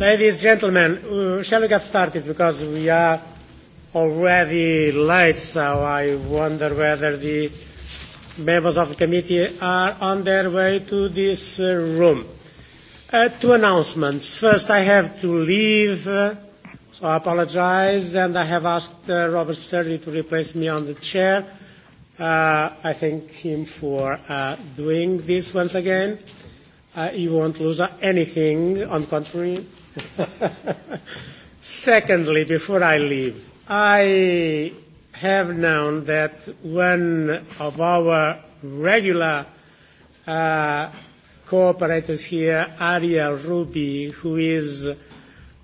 Ladies and gentlemen, uh, shall we get started because we are already late, so I wonder whether the members of the committee are on their way to this room. Uh, two announcements. First, I have to leave, so I apologize, and I have asked uh, Robert Sturdy to replace me on the chair. Uh, I thank him for uh, doing this once again. Uh, you won't lose anything. On the contrary, Secondly, before I leave, I have known that one of our regular uh, cooperators here, Ariel Ruby, who is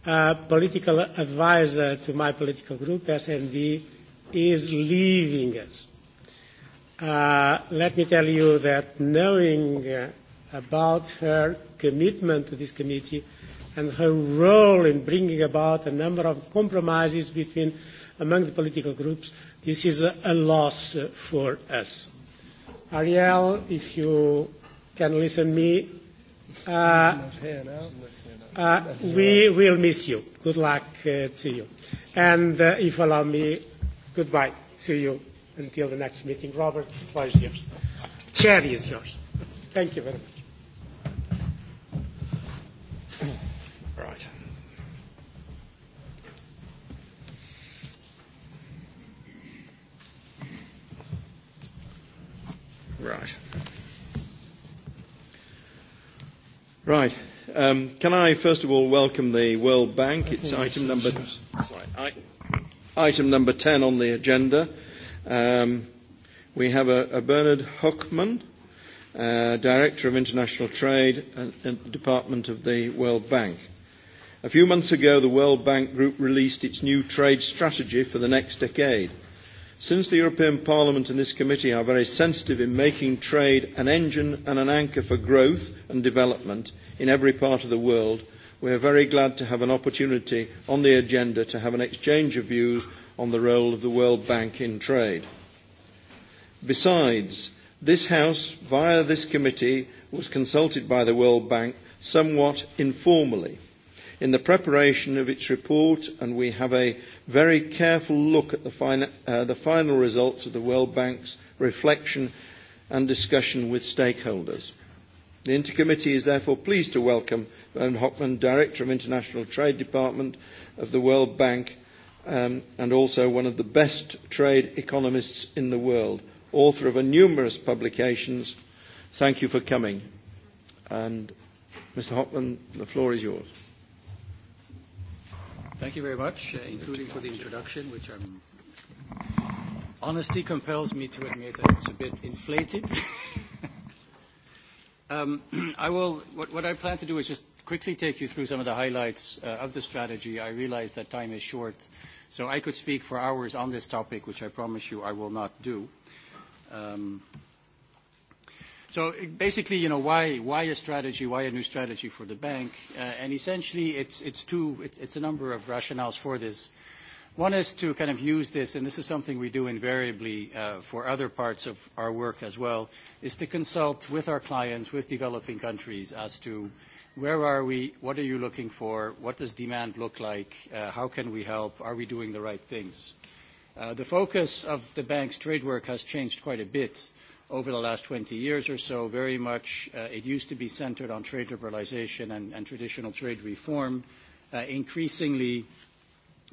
a political advisor to my political group, SND, is leaving us. Uh, let me tell you that knowing uh, about her commitment to this committee, and her role in bringing about a number of compromises between among the political groups, this is a, a loss for us. Ariel, if you can listen to me, uh, uh, we will miss you. Good luck uh, to you. And uh, if you allow me, goodbye to you until the next meeting. Robert, the floor is yours. Chair is yours. Thank you very much. Thank you. Right. Right. Right. Um, can I first of all welcome the World Bank? It's item number sorry, I, item number ten on the agenda. Um, we have a, a Bernard Huckman, uh, Director of International Trade at the Department of the World Bank. A few months ago, the World Bank Group released its new trade strategy for the next decade. Since the European Parliament and this committee are very sensitive in making trade an engine and an anchor for growth and development in every part of the world, we are very glad to have an opportunity on the agenda to have an exchange of views on the role of the World Bank in trade. Besides, this House, via this committee, was consulted by the World Bank somewhat informally – in the preparation of its report, and we have a very careful look at the, fin- uh, the final results of the World Bank's reflection and discussion with stakeholders. The Intercommittee is therefore pleased to welcome Bernd Hockman, Director of International Trade Department of the World Bank, um, and also one of the best trade economists in the world, author of a numerous publications. Thank you for coming. And Mr. Hockman, the floor is yours. Thank you very much, including for the introduction, which I'm honesty compels me to admit that it's a bit inflated. I will. What I plan to do is just quickly take you through some of the highlights of the strategy. I realize that time is short, so I could speak for hours on this topic, which I promise you I will not do. So basically, you know, why, why a strategy? Why a new strategy for the bank? and essentially, it's, it's two, it's, it's a number of rationales for this. One is to kind of use this, and this is something we do invariably uh, for other parts of our work as well, is to consult with our clients, with developing countries as to where are we, what are you looking for, what does demand look like, uh, how can we help, are we doing the right things? Uh, the focus of the bank's trade work has changed quite a bit over the last 20 years or so, very much it used to be centered on trade liberalization and, and traditional trade reform. increasingly,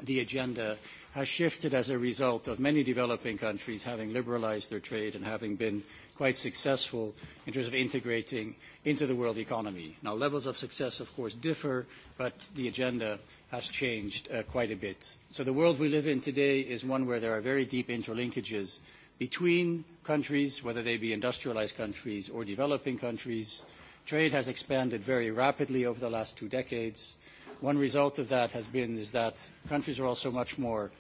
the agenda has shifted as a result of many developing countries having liberalized their trade and having been quite successful in terms of integrating into the world economy. Now, levels of success, of course, differ, but the agenda has changed quite a bit. So the world we live in today is one where there are very deep interlinkages between countries, whether they be industrialized countries or developing countries. Trade has expanded very rapidly over the last two decades. One result of that has been is that countries are also much more,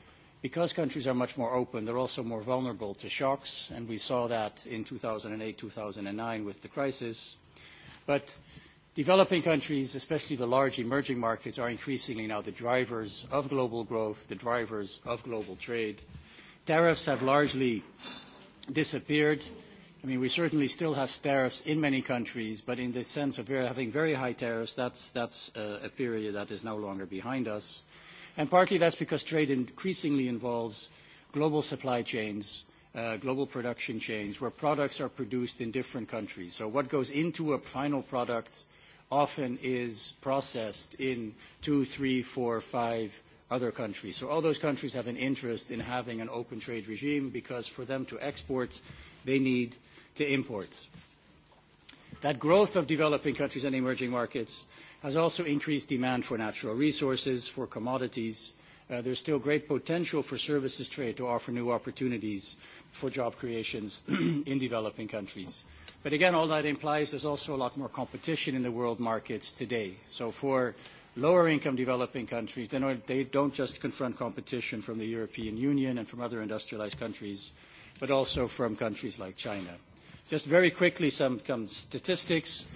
because countries are much more open, they're also more vulnerable to shocks, and we saw that in 2008, 2009 with the crisis. But Developing countries, especially the large emerging markets, are increasingly now the drivers of global growth, the drivers of global trade. Tariffs have largely disappeared. I mean, we certainly still have tariffs in many countries, but in the sense of having very high tariffs, that's a period that is no longer behind us. And partly that's because trade increasingly involves global supply chains, global production chains, where products are produced in different countries. So what goes into a final product often is processed in two, three, four, five other countries. So all those countries have an interest in having an open trade regime because for them to export, they need to import. That growth of developing countries and emerging markets has also increased demand for natural resources, for commodities. There's still great potential for services trade to offer new opportunities for job creations in developing countries. But again, all that implies there's also a lot more competition in the world markets today. So for lower income developing countries, then they don't just confront competition from the European Union and from other industrialized countries, but also from countries like China. Just very quickly, some statistics,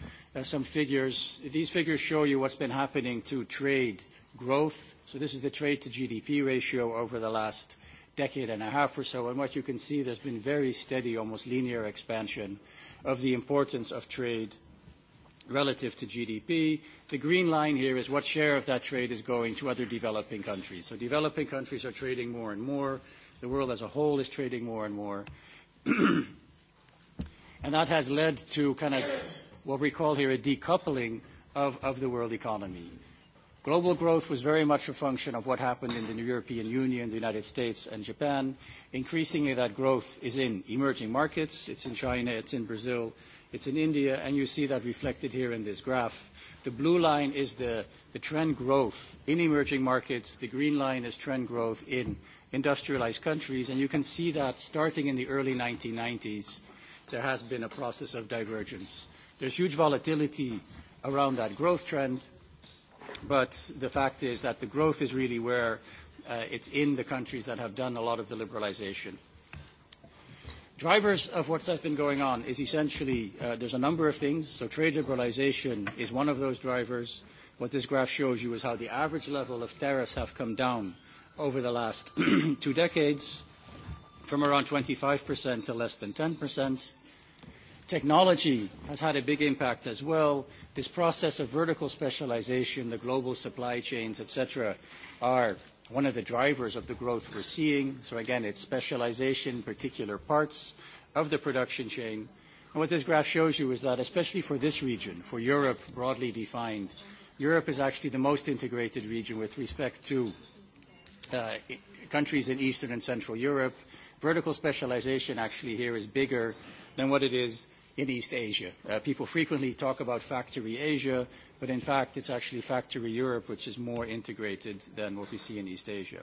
some figures. These figures show you what's been happening to trade growth. So this is the trade to GDP ratio over the last decade and a half or so. And what you can see, there's been very steady, almost linear expansion of the importance of trade relative to GDP. The green line here is what share of that trade is going to other developing countries. So developing countries are trading more and more. The world as a whole is trading more and more. And that has led to kind of what we call here a decoupling of, of the world economy. Global growth was very much a function of what happened in the European Union, the United States, and Japan. Increasingly, that growth is in emerging markets. It's in China, it's in Brazil, It's in India, and you see that reflected here in this graph. The blue line is the trend growth in emerging markets. The green line is trend growth in industrialized countries. and You can see that starting in the early 1990s, there has been a process of divergence. There's huge volatility around that growth trend, but the fact is that the growth is really where it's in the countries that have done a lot of the liberalization. Drivers of what has been going on is essentially uh, there's a number of things. So trade liberalization is one of those drivers. What this graph shows you is how the average level of tariffs have come down over the last two decades from around 25% to less than 10%. Technology has had a big impact as well. This process of vertical specialization, the global supply chains, et cetera, are one of the drivers of the growth we're seeing. So again, it's specialization, particular parts of the production chain. And what this graph shows you is that, especially for this region, for Europe broadly defined, Europe is actually the most integrated region with respect to countries in Eastern and Central Europe. Vertical specialization actually here is bigger than what it is in East Asia. People frequently talk about factory Asia. But in fact, it's actually factory Europe, which is more integrated than what we see in East Asia.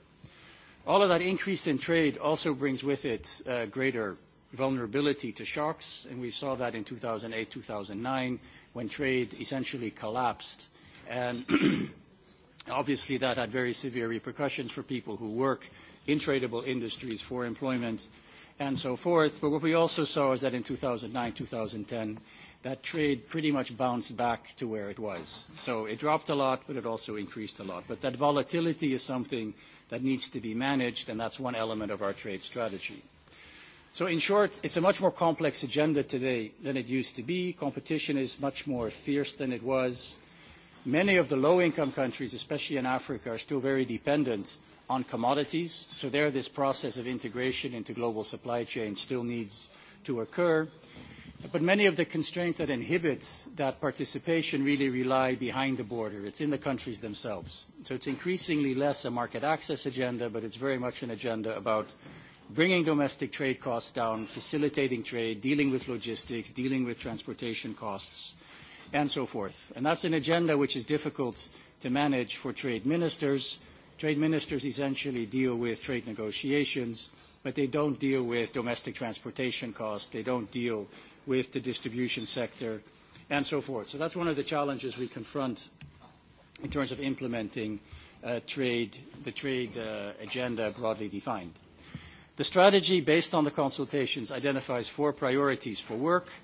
All of that increase in trade also brings with it greater vulnerability to shocks, and we saw that in 2008, 2009, when trade essentially collapsed. And obviously, that had very severe repercussions for people who work in tradable industries for employment and so forth. But what we also saw is that in 2009, 2010, that trade pretty much bounced back to where it was. So it dropped a lot, but it also increased a lot. But that volatility is something that needs to be managed, and that's one element of our trade strategy. So in short, it's a much more complex agenda today than it used to be. Competition is much more fierce than it was. Many of the low-income countries, especially in Africa, are still very dependent on commodities. So there, this process of integration into global supply chain still needs to occur. But many of the constraints that inhibit that participation really rely behind the border. It's in the countries themselves. So it's increasingly less a market access agenda, but it's very much an agenda about bringing domestic trade costs down, facilitating trade, dealing with logistics, dealing with transportation costs, and so forth. And that's an agenda which is difficult to manage for trade ministers Trade ministers essentially deal with trade negotiations, but they don't deal with domestic transportation costs, they don't deal with the distribution sector, and so forth. So that's one of the challenges we confront in terms of implementing trade, the trade agenda broadly defined. The strategy, based on the consultations, identifies four priorities for work –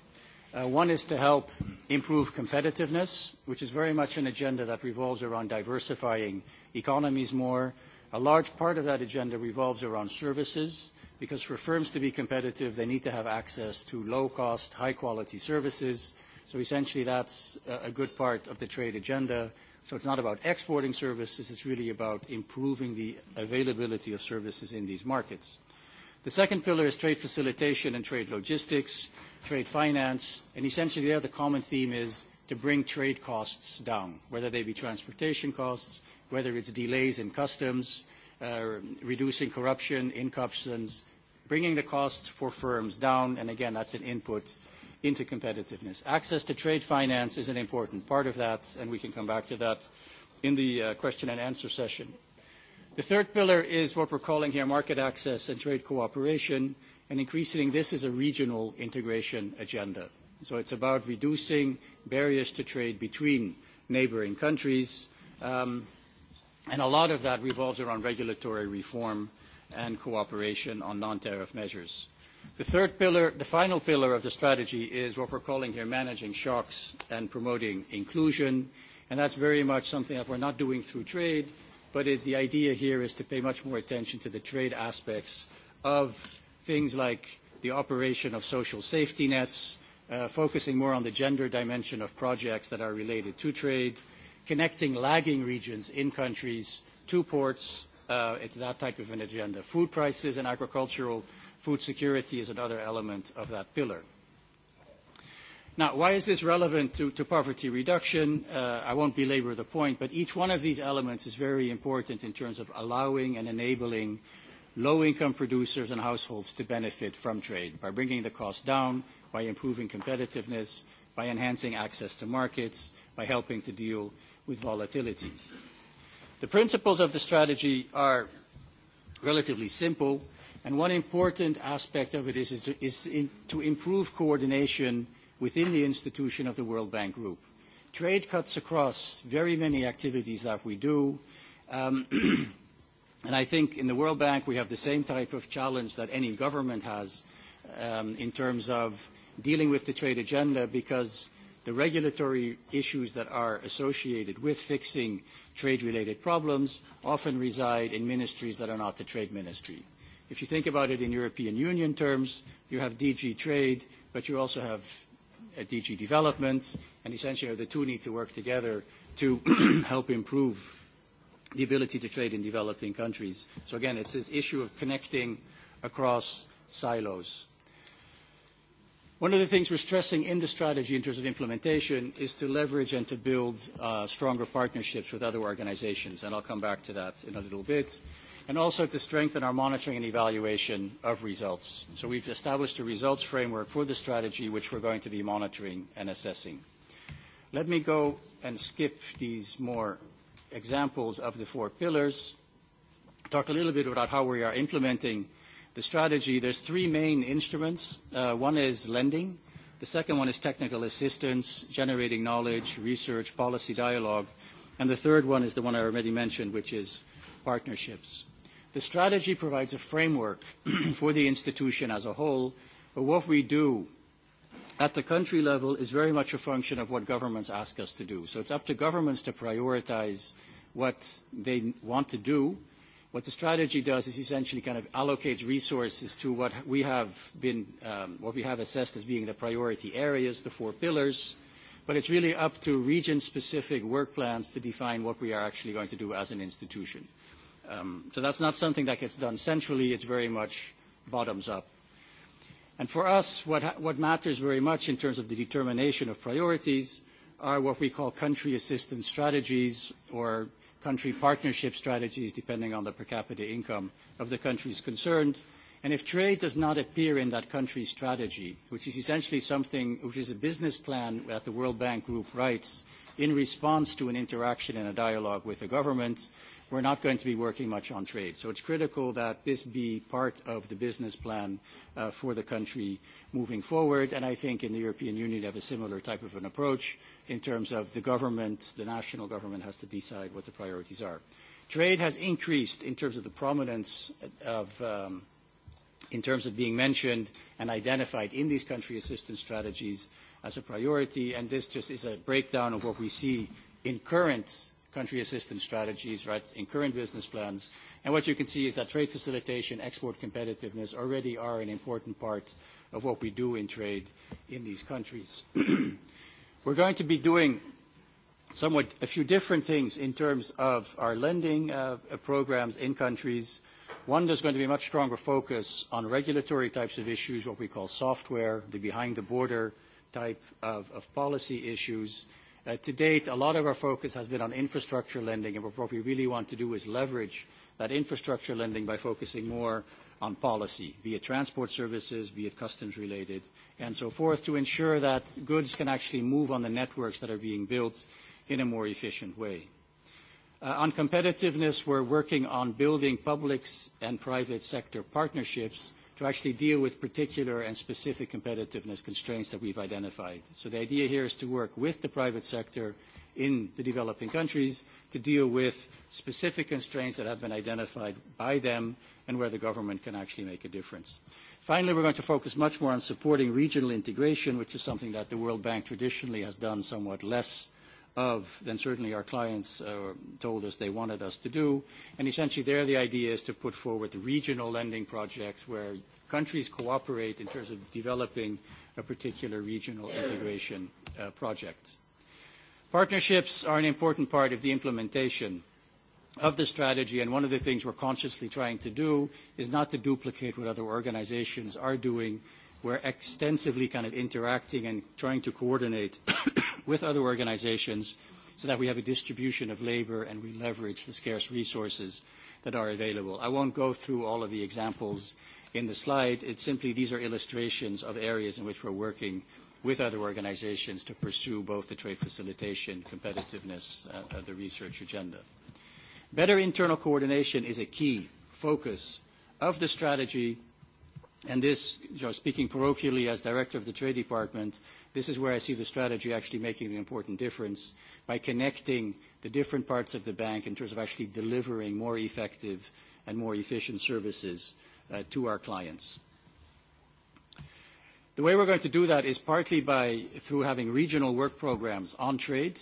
One is to help improve competitiveness, which is very much an agenda that revolves around diversifying economies more. A large part of that agenda revolves around services, because for firms to be competitive, they need to have access to low-cost, high-quality services. So essentially, that's a good part of the trade agenda. So it's not about exporting services, it's really about improving the availability of services in these markets. The second pillar is trade facilitation and trade logistics, trade finance, and essentially there the common theme is to bring trade costs down, whether they be transportation costs, whether it's delays in customs, reducing corruption in customs, bringing the costs for firms down, and again, that's an input into competitiveness. Access to trade finance is an important part of that, and we can come back to that in the question and answer session. The third pillar is what we're calling here market access and trade cooperation, and increasingly this is a regional integration agenda. So it's about reducing barriers to trade between neighboring countries, and a lot of that revolves around regulatory reform and cooperation on non-tariff measures. The third pillar, the final pillar of the strategy is what we're calling here managing shocks and promoting inclusion, and that's very much something that we're not doing through trade, But it, the idea here is to pay much more attention to the trade aspects of things like the operation of social safety nets, focusing more on the gender dimension of projects that are related to trade, connecting lagging regions in countries to ports. It's that type of an agenda. Food prices and agricultural food security is another element of that pillar. Now, why is this relevant to, to poverty reduction? Uh, I won't belabor the point, but each one of these elements is very important in terms of allowing and enabling low-income producers and households to benefit from trade by bringing the cost down, by improving competitiveness, by enhancing access to markets, by helping to deal with volatility. The principles of the strategy are relatively simple, and one important aspect of it is, to improve coordination within the institution of the World Bank Group. Trade cuts across very many activities that we do. and I think in the World Bank we have the same type of challenge that any government has in terms of dealing with the trade agenda because the regulatory issues that are associated with fixing trade-related problems often reside in ministries that are not the trade ministry. If you think about it in European Union terms, you have DG Trade, but you also have at DG Development, and essentially the two need to work together to help improve the ability to trade in developing countries. So again, it's this issue of connecting across silos. One of the things we're stressing in the strategy in terms of implementation is to leverage and to build stronger partnerships with other organizations, and I'll come back to that in a little bit, and also to strengthen our monitoring and evaluation of results. So we've established a results framework for the strategy, which we're going to be monitoring and assessing. Let me go and skip these more examples of the four pillars, talk a little bit about how we are implementing the strategy, there's three main instruments. One is lending. The second one is technical assistance, generating knowledge, research, policy dialogue. And the third one is the one I already mentioned, which is partnerships. The strategy provides a framework for the institution as a whole, but what we do at the country level is very much a function of what governments ask us to do. So it's up to governments to prioritize what they want to do What the strategy does is essentially kind of allocates resources to what we have been, what we have assessed as being the priority areas, the four pillars, but it's really up to region-specific work plans to define what we are actually going to do as an institution. So that's not something that gets done centrally. It's very much bottoms up. And for us, what matters very much in terms of the determination of priorities are what we call country assistance strategies or country partnership strategies depending on the per capita income of the countries concerned. And if trade does not appear in that country's strategy, which is essentially something which is a business plan that the World Bank Group writes in response to an interaction and a dialogue with the government, we're not going to be working much on trade. So it's critical that this be part of the business plan for the country moving forward. And I think in the European Union, they have a similar type of an approach in terms of the government, the national government has to decide what the priorities are. Trade has increased in terms of the prominence of in terms of being mentioned and identified in these country assistance strategies as a priority, and this just is a breakdown of what we see in current country assistance strategies, right, in current business plans. And what you can see is that trade facilitation, export competitiveness already are an important part of what we do in trade in these countries. We're going to be doing somewhat a few different things in terms of our lending programs in countries. One, there's going to be a much stronger focus on regulatory types of issues, what we call software, the behind-the-border type of policy issues. To date, a lot of our focus has been on infrastructure lending, and what we really want to do is leverage that infrastructure lending by focusing more on policy, be it transport services, be it customs related, and so forth, to ensure that goods can actually move on the networks that are being built in a more efficient way. On competitiveness, we're working on building public and private sector partnerships to actually deal with particular and specific competitiveness constraints that we've identified. So the idea here is to work with the private sector in the developing countries to deal with specific constraints that have been identified by them and where the government can actually make a difference. Finally, we're going to focus much more on supporting regional integration, which is something that the World Bank traditionally has done somewhat less of than certainly our clients told us they wanted us to do. And essentially there the idea is to put forward regional lending projects where countries cooperate in terms of developing a particular regional integration project. Partnerships are an important part of the implementation of the strategy, and one of the things we're consciously trying to do is not to duplicate what other organizations are doing, We're extensively kind of interacting and trying to coordinate with other organizations so that we have a distribution of labor and we leverage the scarce resources that are available. I won't go through all of the examples in the slide. It's simply these are illustrations of areas in which we're working with other organizations to pursue both the trade facilitation, competitiveness, uh, the research agenda. Better internal coordination is a key focus of the strategy And this, you know, speaking parochially as director of the Trade Department, this is where I see the strategy actually making an important difference by connecting the different parts of the bank in terms of actually delivering more effective and more efficient services to our clients. The way we're going to do that is partly by through having regional work programs on trade,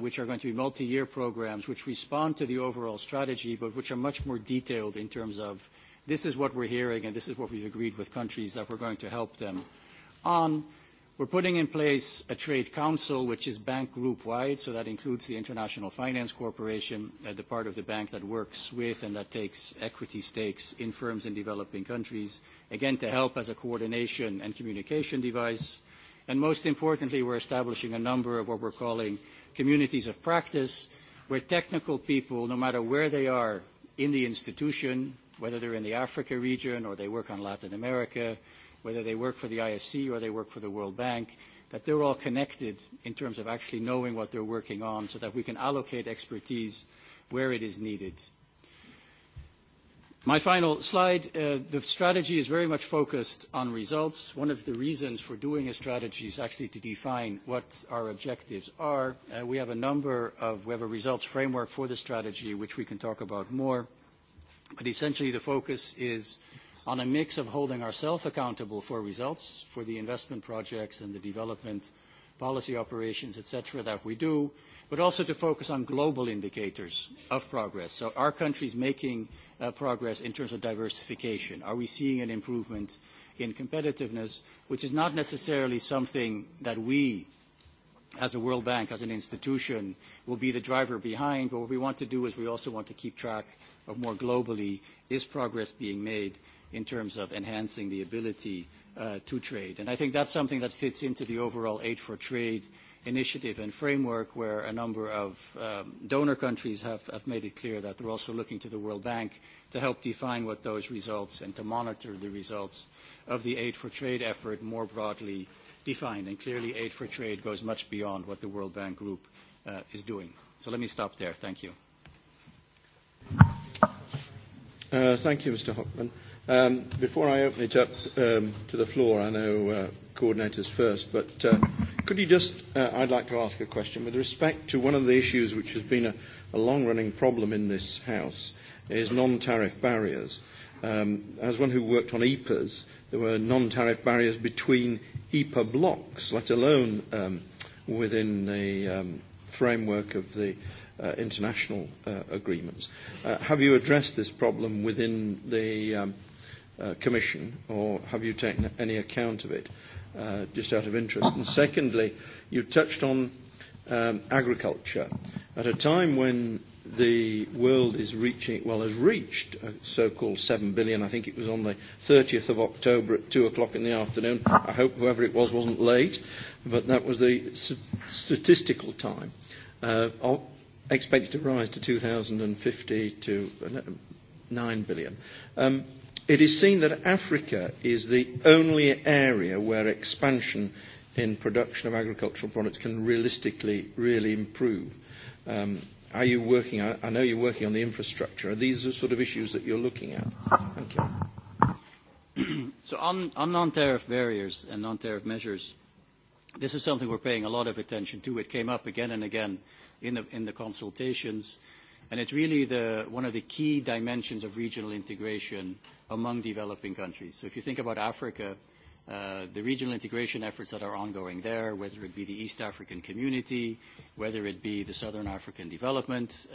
which are going to be multi-year programs, which respond to the overall strategy, but which are much more detailed in terms of This is what we're hearing, and this is what we've agreed with countries that we're going to help them on. We're putting in place a trade council, which is bank group-wide, so that includes the International Finance Corporation, the part of the bank that works with and that takes equity stakes in firms in developing countries, again, to help as a coordination and communication device. And most importantly, we're establishing a number of what we're calling communities of practice, where technical people, no matter where they are in the institution, whether they're in the Africa region or they work on Latin America, whether they work for the IFC or they work for the World Bank, that they're all connected in terms of actually knowing what they're working on so that we can allocate expertise where it is needed. My final slide, the strategy is very much focused on results. One of the reasons for doing a strategy is actually to define what our objectives are. We have a number of, we have a results framework for the strategy, which we can talk about more. But essentially, the focus is on a mix of holding ourselves accountable for results, for the investment projects and the development policy operations, et cetera, that we do, but also to focus on global indicators of progress. So are countries making progress in terms of diversification? Are we seeing an improvement in competitiveness, which is not necessarily something that we, as a World Bank, as an institution, will be the driver behind, but what we want to do is we also want to keep track or more globally, is progress being made in terms of enhancing the ability to trade? And I think that's something that fits into the overall Aid for Trade initiative and framework, where a number of donor countries have, made it clear that they're also looking to the World Bank to help define what those results and to monitor the results of the Aid for Trade effort more broadly defined. And clearly, Aid for Trade goes much beyond what the World Bank Group is doing. So let me stop there. Thank you thank you, Mr. Hockman. Um, before I open it up um, to the floor, I know uh, coordinators first, but uh, could you just, uh, I'd like to ask a question with respect to one of the issues which has been a, a long-running problem in this House is non-tariff barriers. Um, as one who worked on EPAs, there were non-tariff barriers between EPA blocks, let alone um, within the um, framework of the uh, international uh, agreements. Uh, have you addressed this problem within the um, uh, Commission, or have you taken any account of it, uh, just out of interest? And secondly, you touched on um, agriculture. At a time when the world is reaching, well, has reached a so-called 7 billion. I think it was on the 30th of October at 2 o'clock in the afternoon. I hope whoever it was wasn't late, but that was the statistical time. Uh, expected to rise to 2050 to 9 billion. Um, it is seen that Africa is the only area where expansion in production of agricultural products can realistically really improve. Um, are you working, I, I know you're working on the infrastructure. Are these the sort of issues that you're looking at? Thank you. So on, on non-tariff barriers and non-tariff measures, this is something we're paying a lot of attention to. It came up again and again in the, in the consultations. And it's really the, one of the key dimensions of regional integration among developing countries. So if you think about Africa, uh, the regional integration efforts that are ongoing there, whether it be the East African Community, whether it be the Southern African Development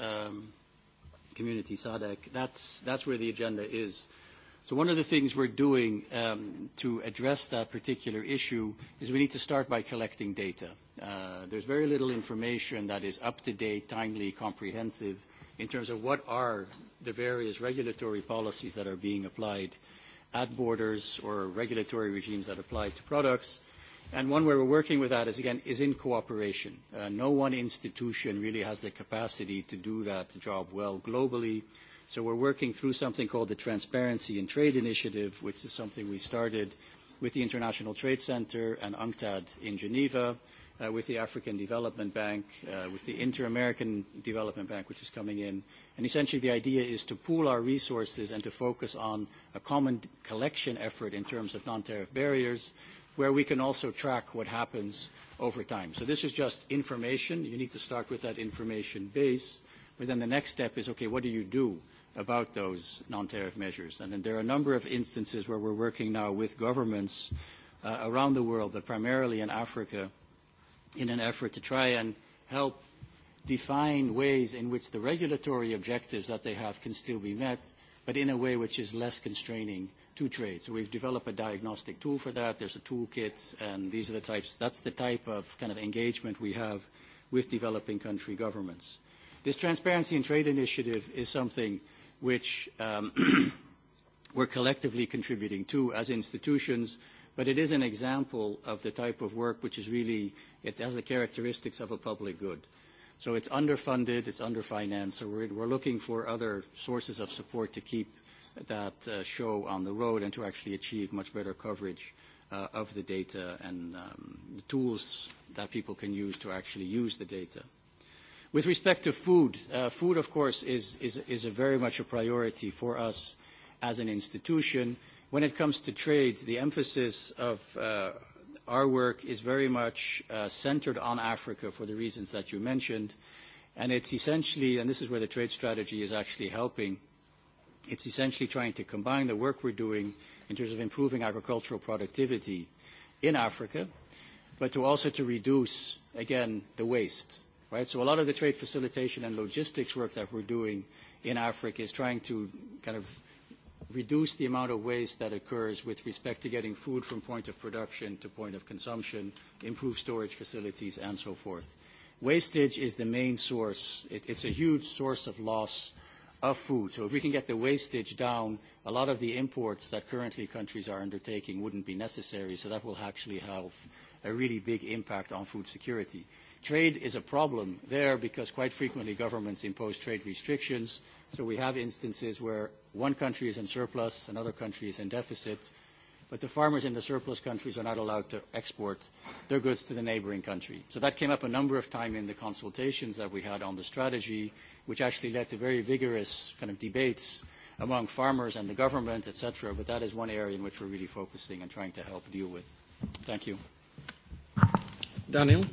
Community, SADC, that's, that's where the agenda is So one of the things we're doing to address that particular issue is we need to start by collecting data. there's very little information that is up-to-date, timely, comprehensive in terms of what are the various regulatory policies that are being applied at borders or regulatory regimes that apply to products. And one way we're working with that is, again, is in cooperation. no one institution really has the capacity to do that job well globally. So we're working through something called the Transparency in Trade Initiative, which is something we started with the International Trade Center and UNCTAD in Geneva, with the African Development Bank, with the Inter-American Development Bank, which is coming in. And essentially the idea is to pool our resources and to focus on a common collection effort in terms of non-tariff barriers, where we can also track what happens over time. So this is just information. You need to start with that information base. But then the next step is, okay, what do you do? about those non-tariff measures. And then there are a number of instances where we're working now with governments uh, around the world, but primarily in Africa, in an effort to try and help define ways in which the regulatory objectives that they have can still be met, but in a way which is less constraining to trade. So we've developed a diagnostic tool for that. There's a toolkit, and these are the types. That's the type of kind of engagement we have with developing country governments. This Transparency in Trade initiative is something – which we're collectively contributing to as institutions. But it is an example of the type of work which is really, it has the characteristics of a public good. So it's underfunded, it's underfinanced, so we're, we're looking for other sources of support to keep that uh, show on the road and to actually achieve much better coverage uh, of the data and um, the tools that people can use to actually use the data. With respect to food, uh, food, of course, is, is, is a very much a priority for us as an institution. When it comes to trade, the emphasis of uh, our work is very much uh, centered on Africa for the reasons that you mentioned. And it's essentially, and this is where the trade strategy is actually helping, it's essentially trying to combine the work we're doing in terms of improving agricultural productivity in Africa, but to also to reduce, again, the waste right? So a lot of the trade facilitation and logistics work that we're doing in Africa is trying to kind of reduce the amount of waste that occurs with respect to getting food from point of production to point of consumption, improve storage facilities, and so forth. Wastage is the main source. It, it's a huge source of loss of food. So if we can get the wastage down, a lot of the imports that currently countries are undertaking wouldn't be necessary, so that will actually have a really big impact on food security. Trade is a problem there because quite frequently governments impose trade restrictions. So we have instances where one country is in surplus, another country is in deficit, but the farmers in the surplus countries are not allowed to export their goods to the neighbouring country. So that came up a number of times in the consultations that we had on the strategy, which actually led to very vigorous kind of debates among farmers and the government, etc. But that is one area in which we're really focusing and trying to help deal with. Thank you. Daniel?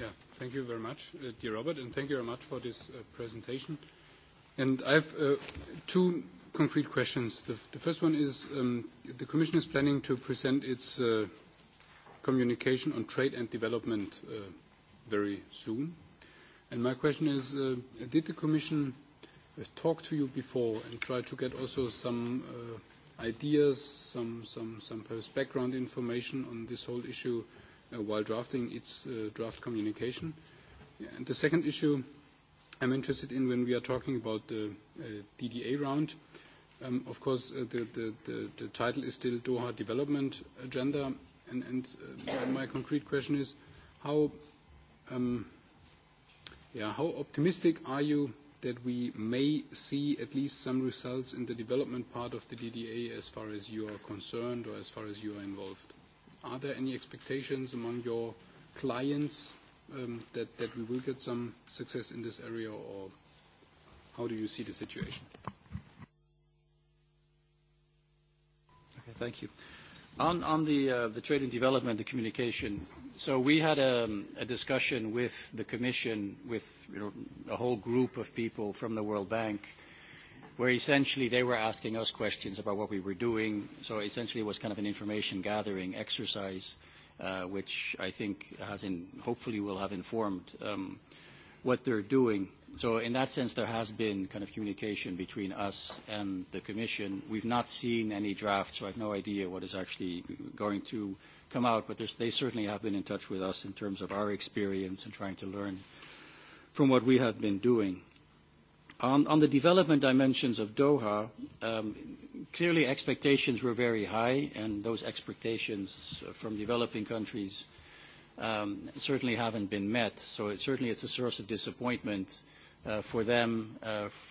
Yeah. Thank you very much, dear Robert, and thank you very much for this presentation. And I have two concrete questions. The first one is, the Commission is planning to present its communication on trade and development very soon. And my question is, did the Commission talk to you before and try to get also some ideas, some some some background information on this whole issue while drafting its uh draft communication. And the second issue I'm interested in when we are talking about the uh DDA round, um of course, uh the the the the title is still Doha Development Agenda, and and uh my concrete question is, how um yeah how optimistic are you that we may see at least some results in the development part of the DDA as far as you are concerned or as far as you are involved? Are there any expectations among your clients that we will get some success in this area, or how do you see the situation? Okay, thank you. On the trade and development, the communication. So we had a discussion with the commission, with, you know, a whole group of people from the World Bank, where essentially they were asking us questions about what we were doing. So essentially it was kind of an information gathering exercise, uh, which I think has in, hopefully will have informed um, what they're doing. So in that sense, there has been kind of communication between us and the Commission. We've not seen any draft, so I have no idea what is actually going to come out, but there's, they certainly have been in touch with us in terms of our experience and trying to learn from what we have been doing. On the development dimensions of Doha, clearly expectations were very high, and those expectations from developing countries certainly haven't been met. So certainly it's a source of disappointment for them,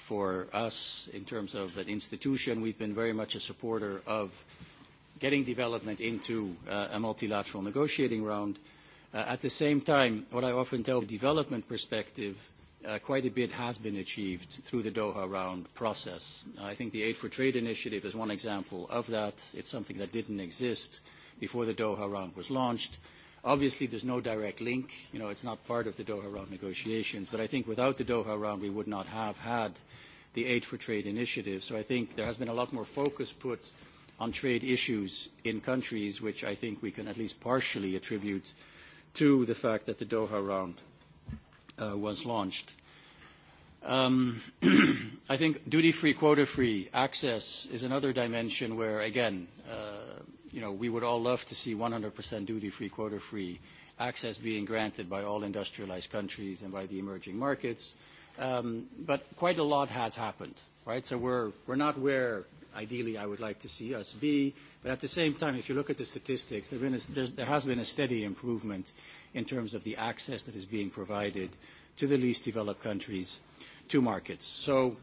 for us, in terms of an institution. We've been very much a supporter of getting development into a multilateral negotiating round. At the same time, what I often tell development perspective quite a bit has been achieved through the Doha round process. I think the Aid for Trade initiative is one example of that. It's something that didn't exist before the Doha round was launched. Obviously, there's no direct link. You know, it's not part of the Doha round negotiations. But I think without the Doha round, we would not have had the Aid for Trade initiative. So I think there has been a lot more focus put on trade issues in countries, which I think we can at least partially attribute to the fact that the Doha round was launched. I think duty-free, quota-free access is another dimension where, again, you know, we would all love to see 100% duty-free, quota-free access being granted by all industrialized countries and by the emerging markets. But quite a lot has happened, right? So we're not where ideally I would like to see us be. But at the same time, if you look at the statistics, there, been a, there's, there has been a steady improvement in terms of the access that is being provided to the least developed countries to markets. So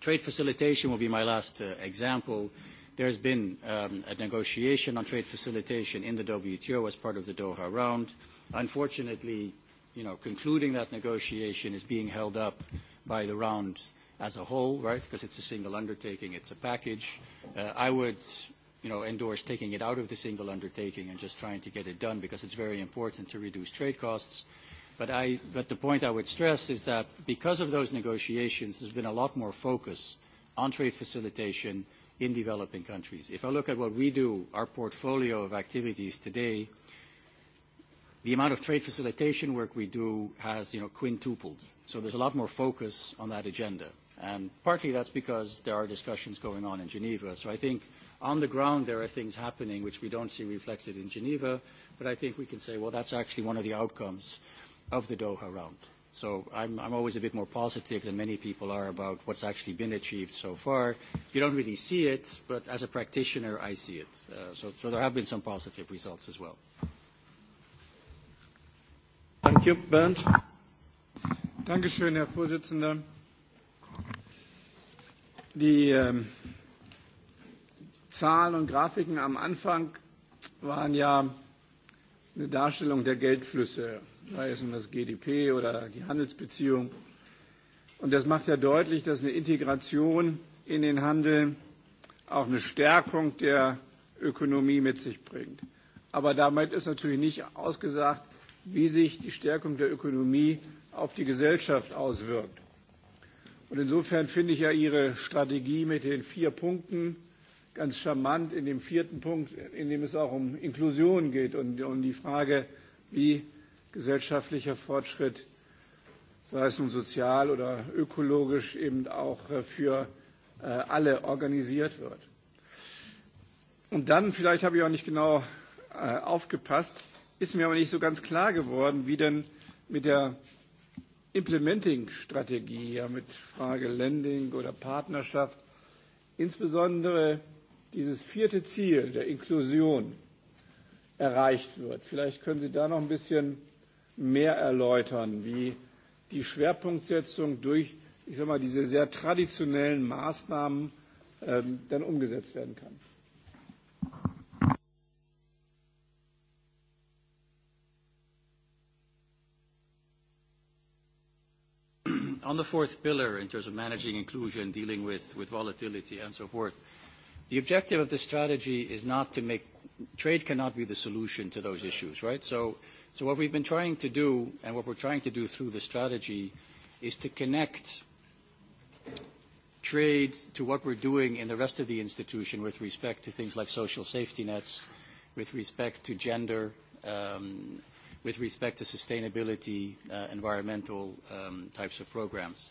trade facilitation will be my last uh, example. There's been um, a negotiation on trade facilitation in the WTO as part of the Doha round. Unfortunately, you know, concluding that negotiation is being held up by the round as a whole, right? Because it's a single undertaking, it's a package. I would you know, endorse taking it out of the single undertaking and just trying to get it done because it's very important to reduce trade costs. But I but the point I would stress is that because of those negotiations, there's been a lot more focus on trade facilitation in developing countries. If I look at what we do, our portfolio of activities today, the amount of trade facilitation work we do has, you know, quintupled. So there's a lot more focus on that agenda. And partly that's because there are discussions going on in Geneva. So I think on the ground there are things happening which we don't see reflected in Geneva, but I think we can say, well, that's actually one of the outcomes of the Doha round. So I'm, I'm always a bit more positive than many people are about what's actually been achieved so far. You don't really see it, but as a practitioner, I see it. Uh, so, so there have been some positive results as well. Thank you. Bernd. Dankeschön, Herr Vorsitzender. Die Zahlen und Grafiken am Anfang waren ja eine Darstellung der Geldflüsse, sei es um das GDP oder die Handelsbeziehung. Und das macht ja deutlich, dass eine Integration in den Handel auch eine Stärkung der Ökonomie mit sich bringt. Aber damit ist natürlich nicht ausgesagt, wie sich die Stärkung der Ökonomie auf die Gesellschaft auswirkt. Und insofern finde ich ja Ihre Strategie mit den vier Punkten ganz charmant in dem vierten Punkt, in dem es auch um Inklusion geht und um die Frage, wie gesellschaftlicher Fortschritt, sei es nun sozial oder ökologisch, eben auch für alle organisiert wird. Und dann, vielleicht habe ich auch nicht genau aufgepasst, ist mir aber nicht so ganz klar geworden, wie denn mit der Implementing-Strategie, ja mit Frage Lending oder Partnerschaft, insbesondere dieses vierte Ziel der Inklusion erreicht wird. Vielleicht können Sie da noch ein bisschen mehr erläutern, wie die Schwerpunktsetzung durch, ich sag mal, diese sehr traditionellen Maßnahmen dann umgesetzt werden kann. On the fourth pillar, in terms of managing inclusion, dealing with volatility and so forth, the objective of this strategy is not to make trade cannot be the solution to those issues, right? So what we've been trying to do, and what we're trying to do through the strategy, is to connect trade to what we're doing in the rest of the institution with respect to things like social safety nets, with respect to gender, with respect to sustainability, environmental types of programs.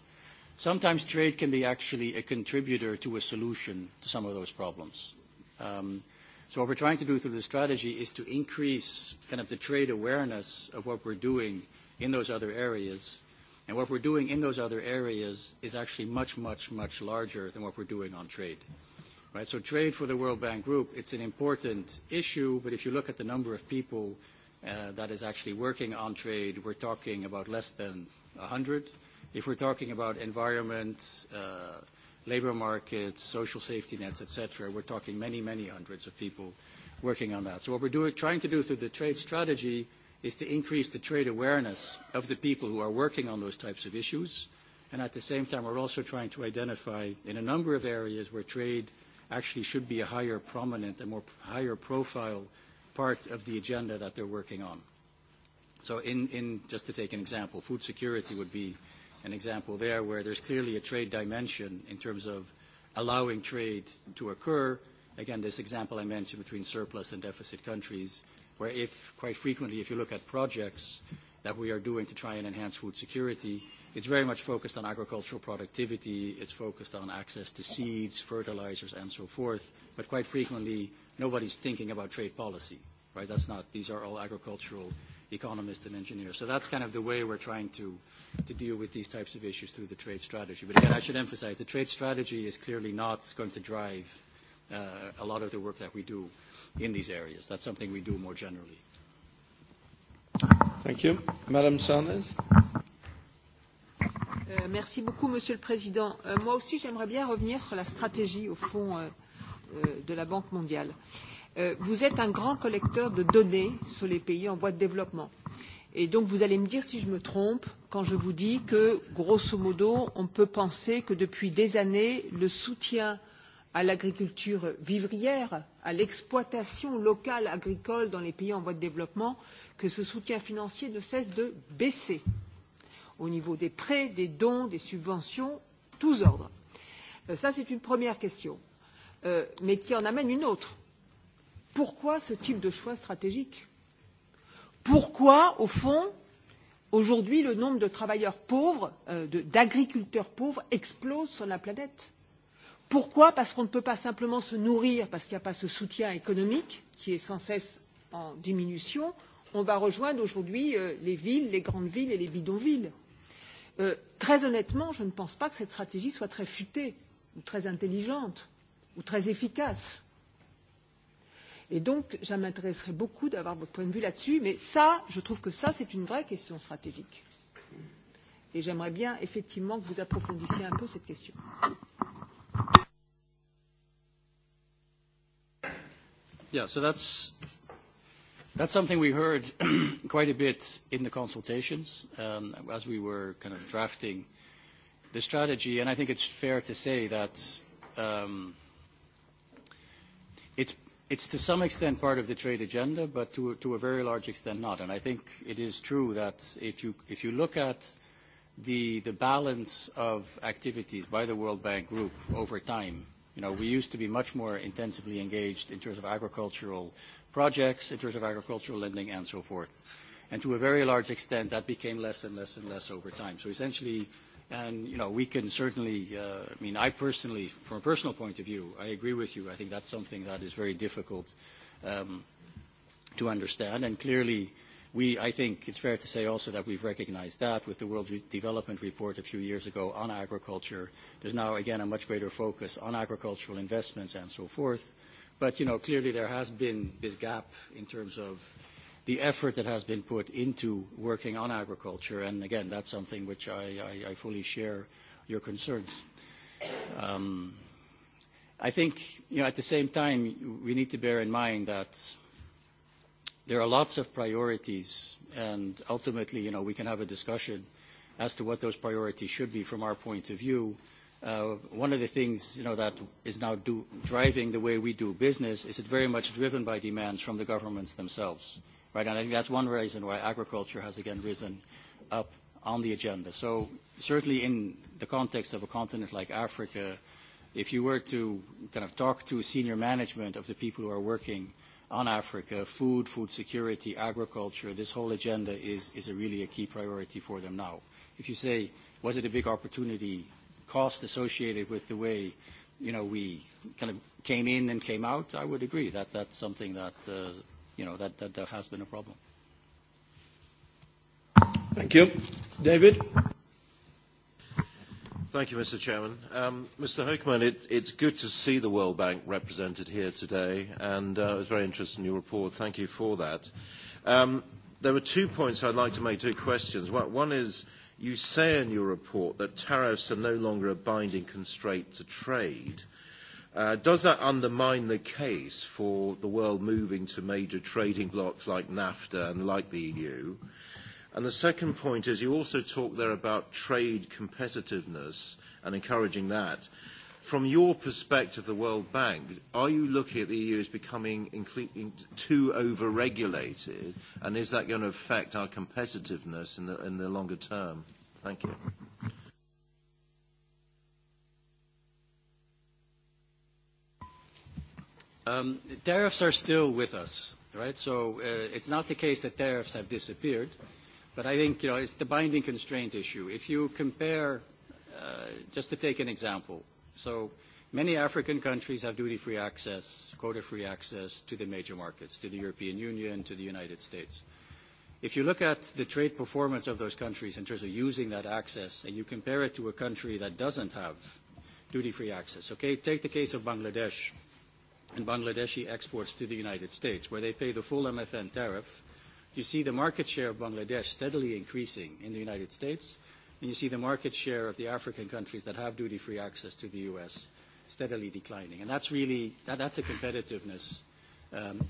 Sometimes trade can be actually a contributor to a solution to some of those problems. So what we're trying to do through the strategy is to increase kind of the trade awareness of what we're doing in those other areas. And what we're doing in those other areas is actually much, much, much larger than what we're doing on trade. Right? So trade for the World Bank Group, it's an important issue, but if you look at the number of people that is actually working on trade, we're talking about less than 100. If we're talking about environment, labor markets, social safety nets, et cetera, we're talking many, many hundreds of people working on that. So what we're doing, trying to do through the trade strategy is to increase the trade awareness of the people who are working on those types of issues. And at the same time, we're also trying to identify in a number of areas where trade actually should be a higher prominent and more higher profile part of the agenda that they're working on. So in, in just to take an example, food security would be an example there where there's clearly a trade dimension in terms of allowing trade to occur. Again, this example I mentioned between surplus and deficit countries, where if quite frequently, if you look at projects that we are doing to try and enhance food security, it's very much focused on agricultural productivity, it's focused on access to seeds, fertilizers, and so forth, but quite frequently, nobody's thinking about trade policy right? That's not, these are all agricultural economists and engineers. So that's kind of the way we're trying to, to deal with these types of issues through the trade strategy. But again, I should emphasize the trade strategy is clearly not going to drive uh, a lot of the work that we do in these areas. That's something we do more generally. Thank you. Madame Sanders. Merci beaucoup, Monsieur le Président. Moi aussi, j'aimerais bien revenir sur la stratégie, au fond, de la Banque mondiale. Euh, vous êtes un grand collecteur de données sur les pays en voie de développement. Et donc vous allez me dire si je me trompe quand je vous dis que, grosso modo, on peut penser que depuis des années, le soutien à l'agriculture vivrière, à l'exploitation locale agricole dans les pays en voie de développement, que ce soutien financier ne cesse de baisser au niveau des prêts, des dons, des subventions, tous ordres. Ça, c'est une première question, mais qui en amène une autre Pourquoi ce type de choix stratégique Pourquoi, au fond, aujourd'hui, le nombre de travailleurs pauvres, d'agriculteurs pauvres, explose sur la planète Pourquoi Parce qu'on ne peut pas simplement se nourrir, parce qu'il n'y a pas ce soutien économique qui est sans cesse en diminution. On va rejoindre aujourd'hui les villes, les grandes villes et les bidonvilles. très honnêtement, je ne pense pas que cette stratégie soit très futée, ou très intelligente, ou très efficace Et donc, ça m'intéresserait beaucoup d'avoir votre point de vue là-dessus, mais ça, je trouve que ça, c'est une vraie question stratégique. Et j'aimerais bien, effectivement, que vous approfondissiez un peu cette question. Yeah, so that's That's something we heard quite a bit in the consultations as we were kind of drafting the strategy. and I think it's fair to say that it's It's to some extent part of the trade agenda, but to a very large extent not. I think it is true that if you look at the balance of activities by the World Bank Group over time, you know, we used to be much more intensively engaged in terms of agricultural projects, in terms of agricultural lending, and so forth. And To a very large extent, that became less and less and less over time. So Essentially, And, you know, we can certainly, uh, I mean, I personally, from a personal point of view, I agree with you. I think that's something that is very difficult um, to understand. And clearly, we, I think it's fair to say also that we've recognized that with the World Development Report a few years ago on agriculture. There's now, again, a much greater focus on agricultural investments and so forth. But, you know, clearly there has been this gap in terms of the effort that has been put into working on agriculture. And again, that's something which I, I, I fully share your concerns. I think, you know, at the same time, we need to bear in mind that there are lots of priorities, and ultimately, you know, we can have a discussion as to what those priorities should be from our point of view. one of the things, you know, that is now do, driving the way we do business is it very much driven by demands from the governments themselves Right, and I think that's one reason why agriculture has again risen up on the agenda. So certainly in the context of a continent like Africa, if you were to kind of talk to senior management of the people who are working on Africa, food, food security, agriculture, this whole agenda is, is a really a key priority for them now. If you say, was it a big opportunity, cost associated with the way you know, we kind of came in and came out, I would agree that that's something that uh, you know, that, that there has been a problem. Thank you. David? Thank you, Mr. Chairman. Um, Mr. Hoekman, it, it's good to see the World Bank represented here today, and uh, it was very interesting your report. Thank you for that. Um, there were two points I'd like to make, two questions. One is, you say in your report that tariffs are no longer a binding constraint to trade does that undermine the case for the world moving to major trading blocs like NAFTA and like the EU? And the second point is you also talk there about trade competitiveness and encouraging that. From your perspective, the World Bank, are you looking at the EU as becoming too over-regulated, and is that going to affect our competitiveness in the, in the longer term? Thank you. Um, tariffs are still with us, right? So uh, it's not the case that tariffs have disappeared, but I think you know it's the binding constraint issue. If you compare, uh, just to take an example, so many African countries have duty-free access, quota-free access to the major markets, to the European Union, to the United States. If you look at the trade performance of those countries in terms of using that access, and you compare it to a country that doesn't have duty-free access, okay, take the case of Bangladesh and Bangladeshi exports to the United States, where they pay the full MFN tariff, you see the market share of Bangladesh steadily increasing in the United States, and you see the market share of the African countries that have duty-free access to the U.S. steadily declining. And that's really that, that's a competitiveness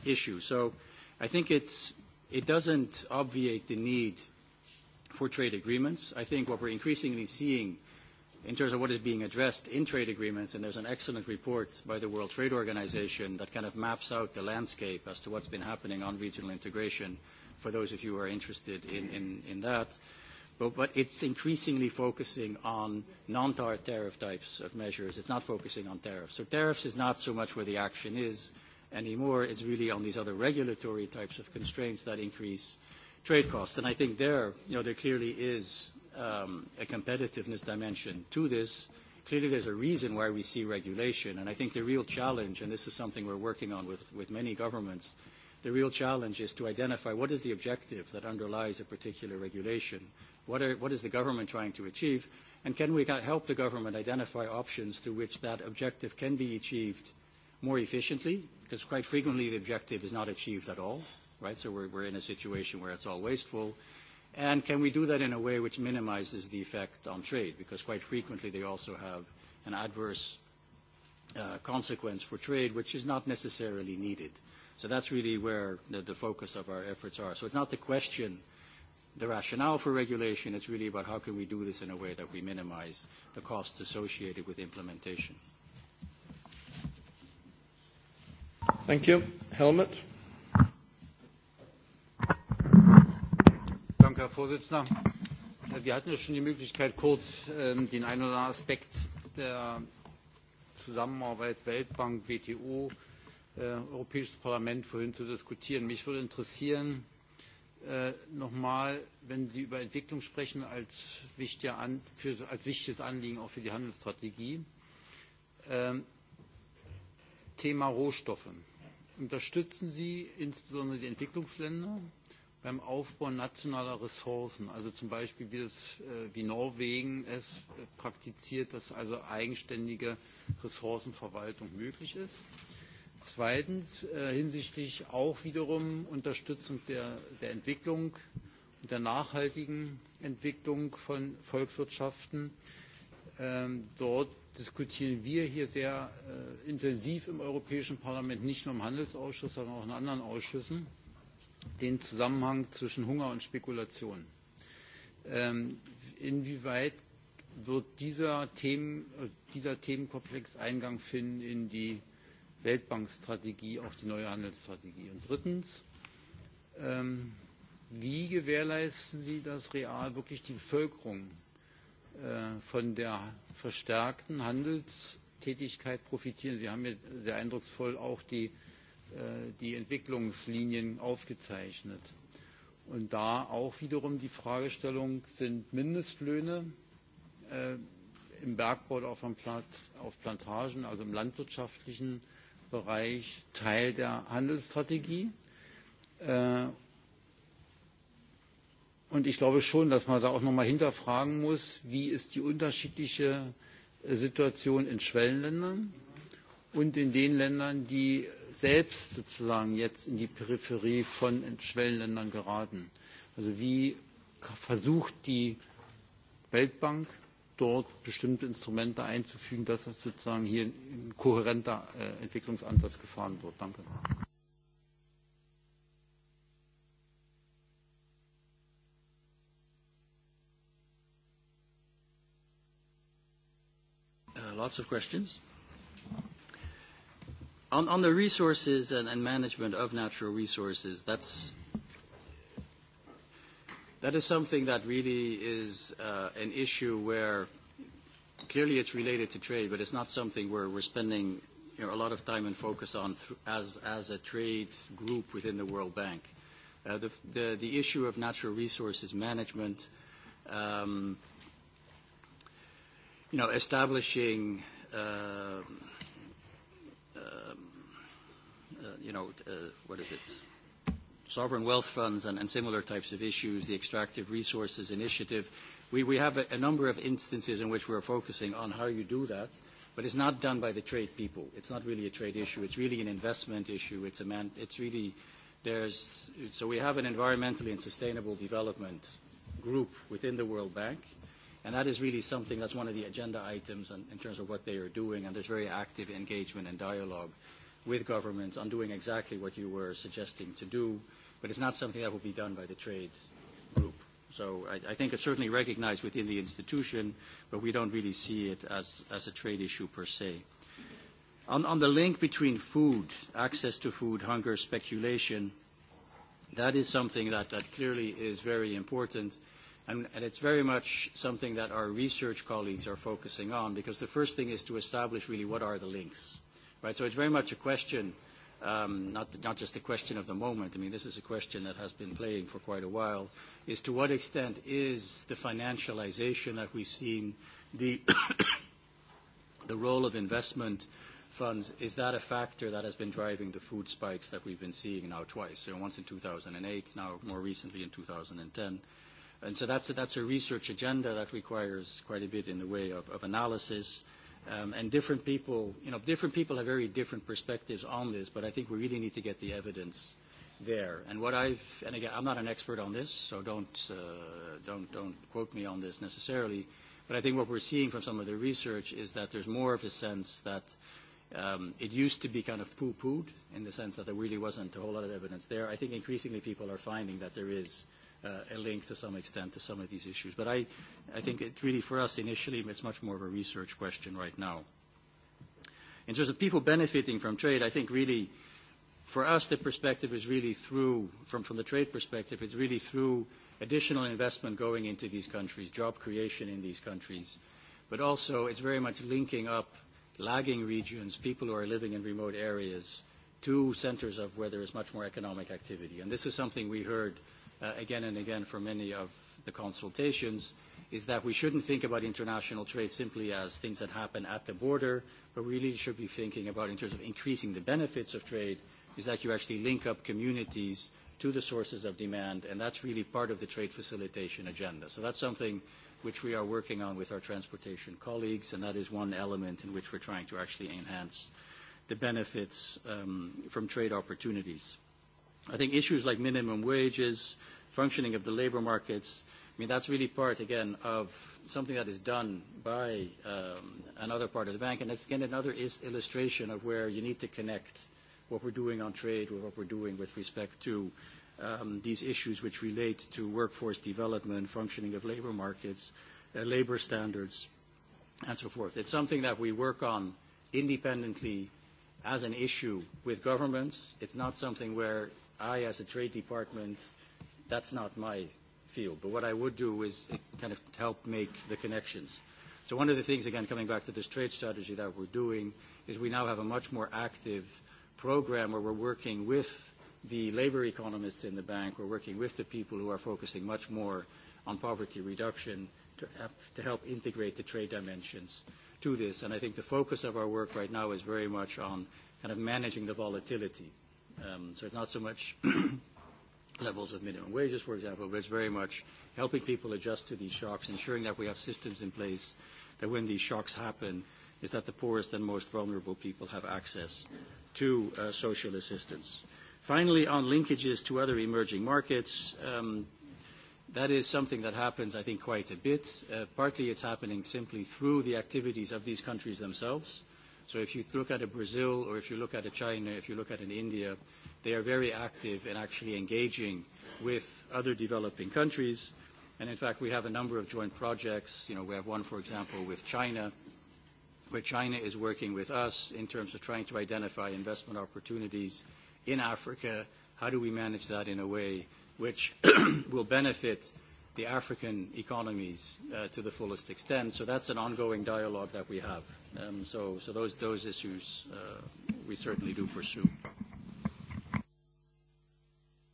issue. So I think it's it doesn't obviate the need for trade agreements. I think what we're increasingly seeing – in terms of what is being addressed in trade agreements, and there's an excellent report by the World Trade Organization that kind of maps out the landscape as to what's been happening on regional integration for those of you who are interested in, in, in that. But, but it's increasingly focusing on non-tariff types of measures. It's not focusing on tariffs. So tariffs is not so much where the action is anymore. It's really on these other regulatory types of constraints that increase trade costs. And I think there, you know, there clearly is um, a competitiveness dimension to this. Clearly, there's a reason why we see regulation, and I think the real challenge, and this is something we're working on with, with many governments, the real challenge is to identify what is the objective that underlies a particular regulation, what, are, what is the government trying to achieve, and can we help the government identify options through which that objective can be achieved more efficiently, because quite frequently the objective is not achieved at all, right? So we're, we're in a situation where it's all wasteful And can we do that in a way which minimizes the effect on trade? Because quite frequently they also have an adverse uh, consequence for trade, which is not necessarily needed. So that's really where the, the focus of our efforts are. So it's not the question, the rationale for regulation, it's really about how can we do this in a way that we minimize the costs associated with implementation. Thank you. Helmut? herr präsident! wir hatten ja schon die möglichkeit kurz den einen oder anderen aspekt der zusammenarbeit weltbank wto europäisches parlament vorhin zu diskutieren. mich würde interessieren noch einmal wenn sie über entwicklung sprechen als wichtiges anliegen auch für die handelsstrategie thema rohstoffe unterstützen sie insbesondere die entwicklungsländer beim Aufbau nationaler Ressourcen, also zum Beispiel wie, das, wie Norwegen es praktiziert, dass also eigenständige Ressourcenverwaltung möglich ist. Zweitens hinsichtlich auch wiederum Unterstützung der, der Entwicklung und der nachhaltigen Entwicklung von Volkswirtschaften. dort diskutieren wir hier sehr intensiv im Europäischen Parlament, nicht nur im Handelsausschuss, sondern auch in anderen Ausschüssen den Zusammenhang zwischen Hunger und Spekulation. inwieweit wird dieser, Themenkomplex Eingang finden in die Weltbankstrategie, auch die neue Handelsstrategie? Und drittens, wie gewährleisten Sie, dass real wirklich die Bevölkerung von der verstärkten Handelstätigkeit profitieren? Sie haben ja sehr eindrucksvoll auch die die Entwicklungslinien aufgezeichnet. Und da auch wiederum die Fragestellung, sind Mindestlöhne im Bergbau oder auf, auf Plantagen, also im landwirtschaftlichen Bereich, Teil der Handelsstrategie? Und ich glaube schon, dass man da auch nochmal hinterfragen muss, wie ist die unterschiedliche Situation in Schwellenländern und in den Ländern, die selbst sozusagen jetzt in die Peripherie von Schwellenländern geraten? Also wie versucht die Weltbank dort bestimmte Instrumente einzufügen, dass das sozusagen hier ein kohärenter Entwicklungsansatz gefahren wird? Danke. lots of questions. On, on the resources and, and management of natural resources, that's that is something that really is uh, an issue where clearly it's related to trade, but it's not something where we're spending you know, a lot of time and focus on as, as a trade group within the World Bank. Uh, the, the, the issue of natural resources management, um, you know, establishing uh, you know, uh, what is it? Sovereign wealth funds and, and similar types of issues, the extractive resources initiative. We, we have a, a number of instances in which we're focusing on how you do that, but it's not done by the trade people. It's not really a trade issue. It's really an investment issue. It's a man. It's really there's. So we have an environmentally and sustainable development group within the World Bank. And that is really something that's one of the agenda items in, in terms of what they are doing, and there's very active engagement and dialogue with government on doing exactly what you were suggesting to do, but it's not something that will be done by the trade group. So I, I think it's certainly recognized within the institution, but we don't really see it as, as a trade issue per se. On, on the link between food, access to food, hunger, speculation, that is something that, that clearly is very important. And, and it's very much something that our research colleagues are focusing on because the first thing is to establish really what are the links Right? So it's very much a question, um, not, not just a question of the moment. I mean, this is a question that has been playing for quite a while, is to what extent is the financialization that we've seen, the, the role of investment funds, is that a factor that has been driving the food spikes that we've been seeing now twice? So once in 2008, now more recently in 2010. And so that's a, that's a research agenda that requires quite a bit in the way of, of analysis Um, and different people, you know, different people have very different perspectives on this, but I think we really need to get the evidence there. And what I've, and again, I'm not an expert on this, so don't, uh, don't, don't quote me on this necessarily, but I think what we're seeing from some of the research is that there's more of a sense that um, it used to be kind of poo-pooed in the sense that there really wasn't a whole lot of evidence there. I think increasingly people are finding that there is uh, a link to some extent to some of these issues. But I think it really, for us initially, it's much more of a research question right now. In terms of people benefiting from trade, I think really for us, the perspective is really through, from the trade perspective, it's really through additional investment going into these countries, job creation in these countries. But also, it's very much linking up lagging regions, people who are living in remote areas, to centers of where there is much more economic activity. And this is something we heard again and again for many of the consultations, is that we shouldn't think about international trade simply as things that happen at the border, but really should be thinking about in terms of increasing the benefits of trade, is that you actually link up communities to the sources of demand, and that's really part of the trade facilitation agenda. So that's something which we are working on with our transportation colleagues, and that is one element in which we're trying to actually enhance the benefits um, from trade opportunities. I think issues like minimum wages, functioning of the labour markets, I mean, that's really part, again, of something that is done by um, another part of the bank. And it's, again, another is illustration of where you need to connect what we're doing on trade with what we're doing with respect to um, these issues which relate to workforce development, functioning of labour markets, uh, labour standards, and so forth. It's something that we work on independently as an issue with governments. It's not something where I, as a trade department, that's not my field. But what I would do is kind of help make the connections. So one of the things, again, coming back to this trade strategy that we're doing, is we now have a much more active program where we're working with the labor economists in the bank. We're working with the people who are focusing much more on poverty reduction to, to help integrate the trade dimensions to this. And I think the focus of our work right now is very much on kind of managing the volatility Um, so it's not so much levels of minimum wages, for example, but it's very much helping people adjust to these shocks, ensuring that we have systems in place that when these shocks happen, is that the poorest and most vulnerable people have access to uh, social assistance. Finally, on linkages to other emerging markets, um, that is something that happens, I think, quite a bit. Uh, partly it's happening simply through the activities of these countries themselves So if you look at a Brazil or if you look at a China, if you look at an India, they are very active in actually engaging with other developing countries. And in fact, we have a number of joint projects. You know, we have one, for example, with China, where China is working with us in terms of trying to identify investment opportunities in Africa. How do we manage that in a way which will benefit the African economies uh, to the fullest extent. So that's an ongoing dialogue that we have. Um, so so those, those issues uh, we certainly do pursue.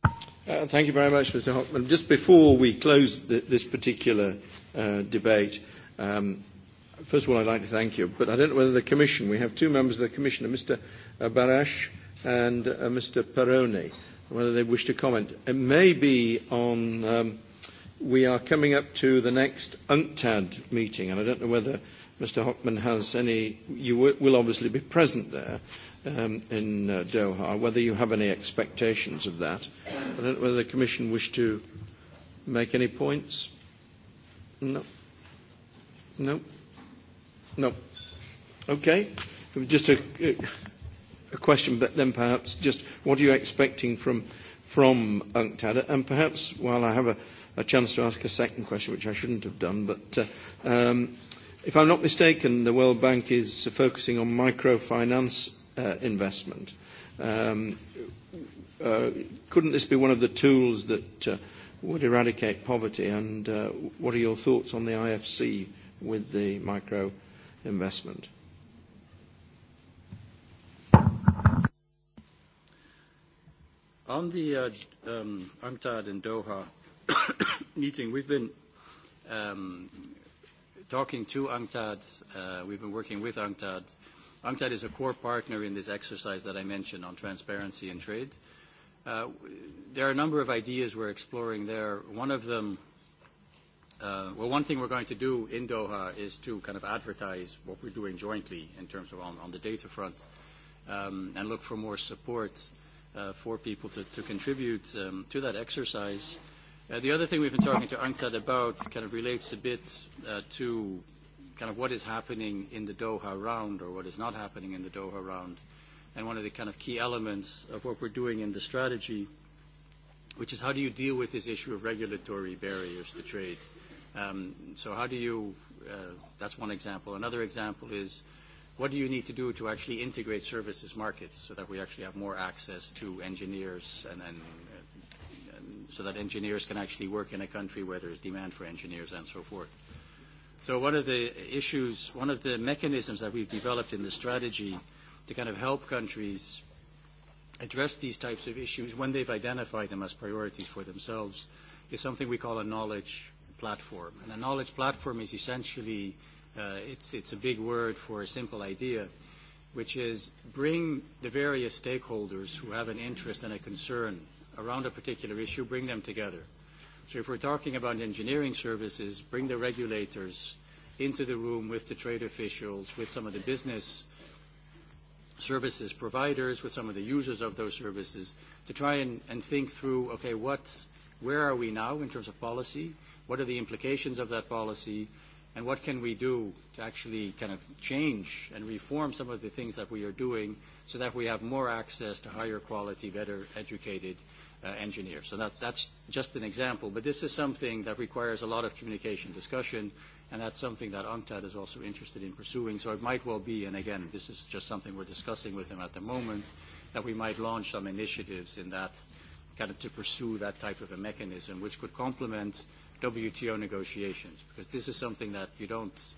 Uh, thank you very much, Mr. Hockman. Just before we close th- this particular uh, debate, um, first of all, I'd like to thank you, but I don't know whether the Commission, we have two members of the Commission, Mr. Barash and uh, Mr. Peroni, whether they wish to comment. It may be on. Um, we are coming up to the next UNCTAD meeting, and I don't know whether Mr. Hockman has any. You will obviously be present there um, in uh, Doha. Whether you have any expectations of that, I don't know whether the Commission wish to make any points. No. No. No. Okay. Just a, a question, but then perhaps just what are you expecting from from UNCTAD? And perhaps while I have a a chance to ask a second question, which I shouldn't have done. But uh, um, if I'm not mistaken, the World Bank is focusing on microfinance uh, investment. Um, uh, couldn't this be one of the tools that uh, would eradicate poverty? And uh, what are your thoughts on the IFC with the micro investment? On the uh, um, UNCTAD in Doha, meeting, we've been um, talking to UNCTAD. Uh, we've been working with UNCTAD. UNCTAD is a core partner in this exercise that I mentioned on transparency and trade. Uh, there are a number of ideas we're exploring there. One of them, uh, well, one thing we're going to do in Doha is to kind of advertise what we're doing jointly in terms of on, on the data front um, and look for more support uh, for people to, to contribute um, to that exercise the other thing we've been talking to Ankad about kind of relates a bit uh, to kind of what is happening in the Doha round or what is not happening in the Doha round. And one of the kind of key elements of what we're doing in the strategy, which is how do you deal with this issue of regulatory barriers to trade? Um, so how do you, uh, that's one example. Another example is what do you need to do to actually integrate services markets so that we actually have more access to engineers and then so that engineers can actually work in a country where there is demand for engineers and so forth. So one of the issues, one of the mechanisms that we've developed in the strategy to kind of help countries address these types of issues when they've identified them as priorities for themselves is something we call a knowledge platform. And a knowledge platform is essentially, uh, it's, it's a big word for a simple idea, which is bring the various stakeholders who have an interest and a concern around a particular issue, bring them together. So if we're talking about engineering services, bring the regulators into the room with the trade officials, with some of the business services providers, with some of the users of those services, to try and, and think through, okay, what's, where are we now in terms of policy? What are the implications of that policy? And what can we do to actually kind of change and reform some of the things that we are doing so that we have more access to higher quality, better educated uh, engineer. So that, that's just an example, but this is something that requires a lot of communication discussion, and that's something that UNCTAD is also interested in pursuing. So it might well be, and again, this is just something we're discussing with them at the moment, that we might launch some initiatives in that, kind of to pursue that type of a mechanism, which could complement WTO negotiations, because this is something that you don't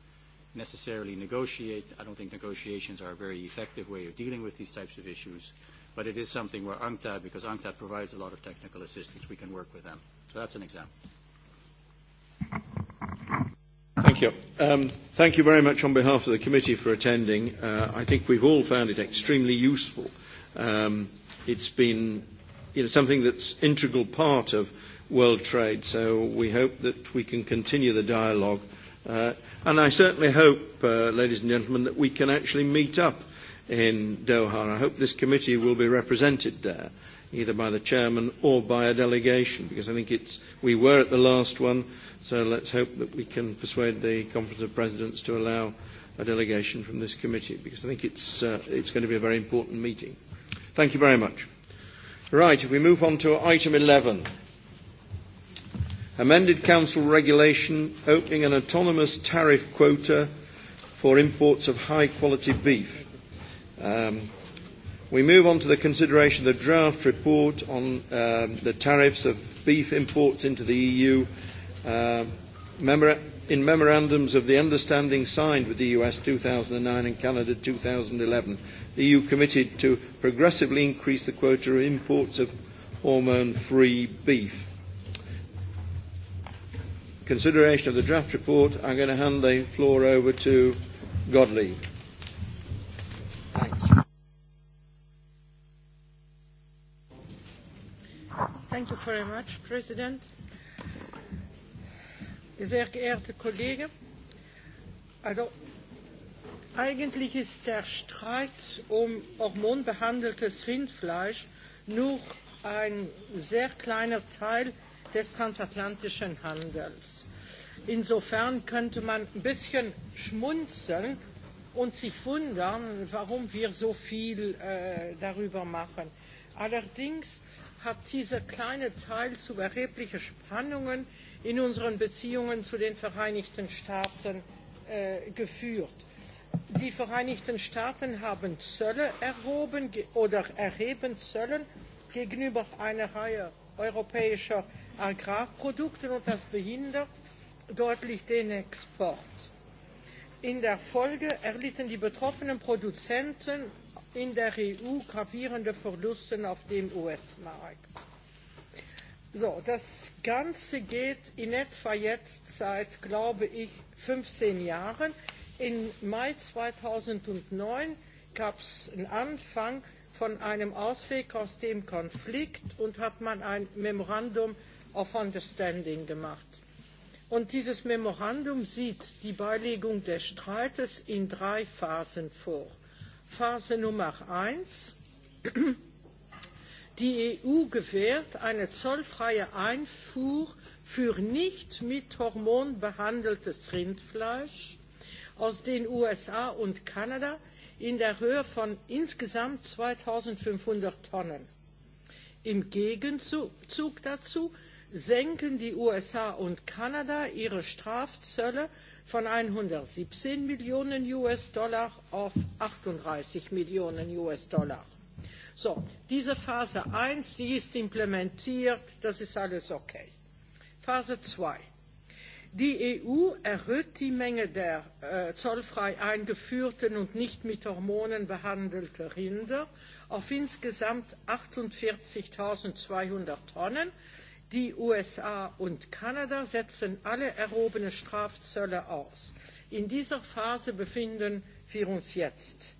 necessarily negotiate. I don't think negotiations are a very effective way of dealing with these types of issues But it is something where UNCTAD, because UNCTAD provides a lot of technical assistance, we can work with them. So that's an example. Thank you. Um, thank you very much on behalf of the committee for attending. Uh, I think we've all found it extremely useful. Um, it's been you know, something that's integral part of world trade, so we hope that we can continue the dialogue. Uh, and I certainly hope, uh, ladies and gentlemen, that we can actually meet up in Doha. And I hope this committee will be represented there, either by the chairman or by a delegation, because I think it's, we were at the last one, so let's hope that we can persuade the Conference of Presidents to allow a delegation from this committee, because I think it's, uh, it's going to be a very important meeting. Thank you very much. Right, if we move on to item 11 amended council regulation opening an autonomous tariff quota for imports of high quality beef. Um, we move on to the consideration of the draft report on um, the tariffs of beef imports into the EU. Uh, memora- in memorandums of the understanding signed with the US 2009 and Canada 2011, the EU committed to progressively increase the quota of imports of hormone-free beef. Consideration of the draft report, I'm going to hand the floor over to Godley. Thanks. Thank you very much, President. Sehr geehrte Kollegen, also eigentlich ist der Streit um hormonbehandeltes Rindfleisch nur ein sehr kleiner Teil des transatlantischen Handels. Insofern könnte man ein bisschen schmunzeln, und sich wundern, warum wir so viel äh, darüber machen. Allerdings hat dieser kleine Teil zu erheblichen Spannungen in unseren Beziehungen zu den Vereinigten Staaten äh, geführt. Die Vereinigten Staaten haben Zölle erhoben oder erheben Zöllen gegenüber einer Reihe europäischer Agrarprodukte und das behindert deutlich den Export In der Folge erlitten die betroffenen Produzenten in der EU gravierende Verluste auf dem US-Markt. So, das Ganze geht in etwa jetzt seit, glaube ich, 15 Jahren. Im Mai 2009 gab es einen Anfang von einem Ausweg aus dem Konflikt und hat man ein Memorandum of Understanding gemacht. Und dieses Memorandum sieht die Beilegung des Streites in drei Phasen vor. Phase Nummer eins. Die EU gewährt eine zollfreie Einfuhr für nicht mit Hormon behandeltes Rindfleisch aus den USA und Kanada in der Höhe von insgesamt 2500 Tonnen. Im Gegenzug dazu senken die USA und Kanada ihre Strafzölle von 117 Millionen US-Dollar auf 38 Millionen US-Dollar. So, diese Phase 1, die ist implementiert, das ist alles okay. Phase 2. Die EU erhöht die Menge der äh, zollfrei eingeführten und nicht mit Hormonen behandelten Rinder auf insgesamt 48.200 Tonnen Die USA und Kanada setzen alle erhobene Strafzölle aus. In dieser Phase befinden wir uns jetzt.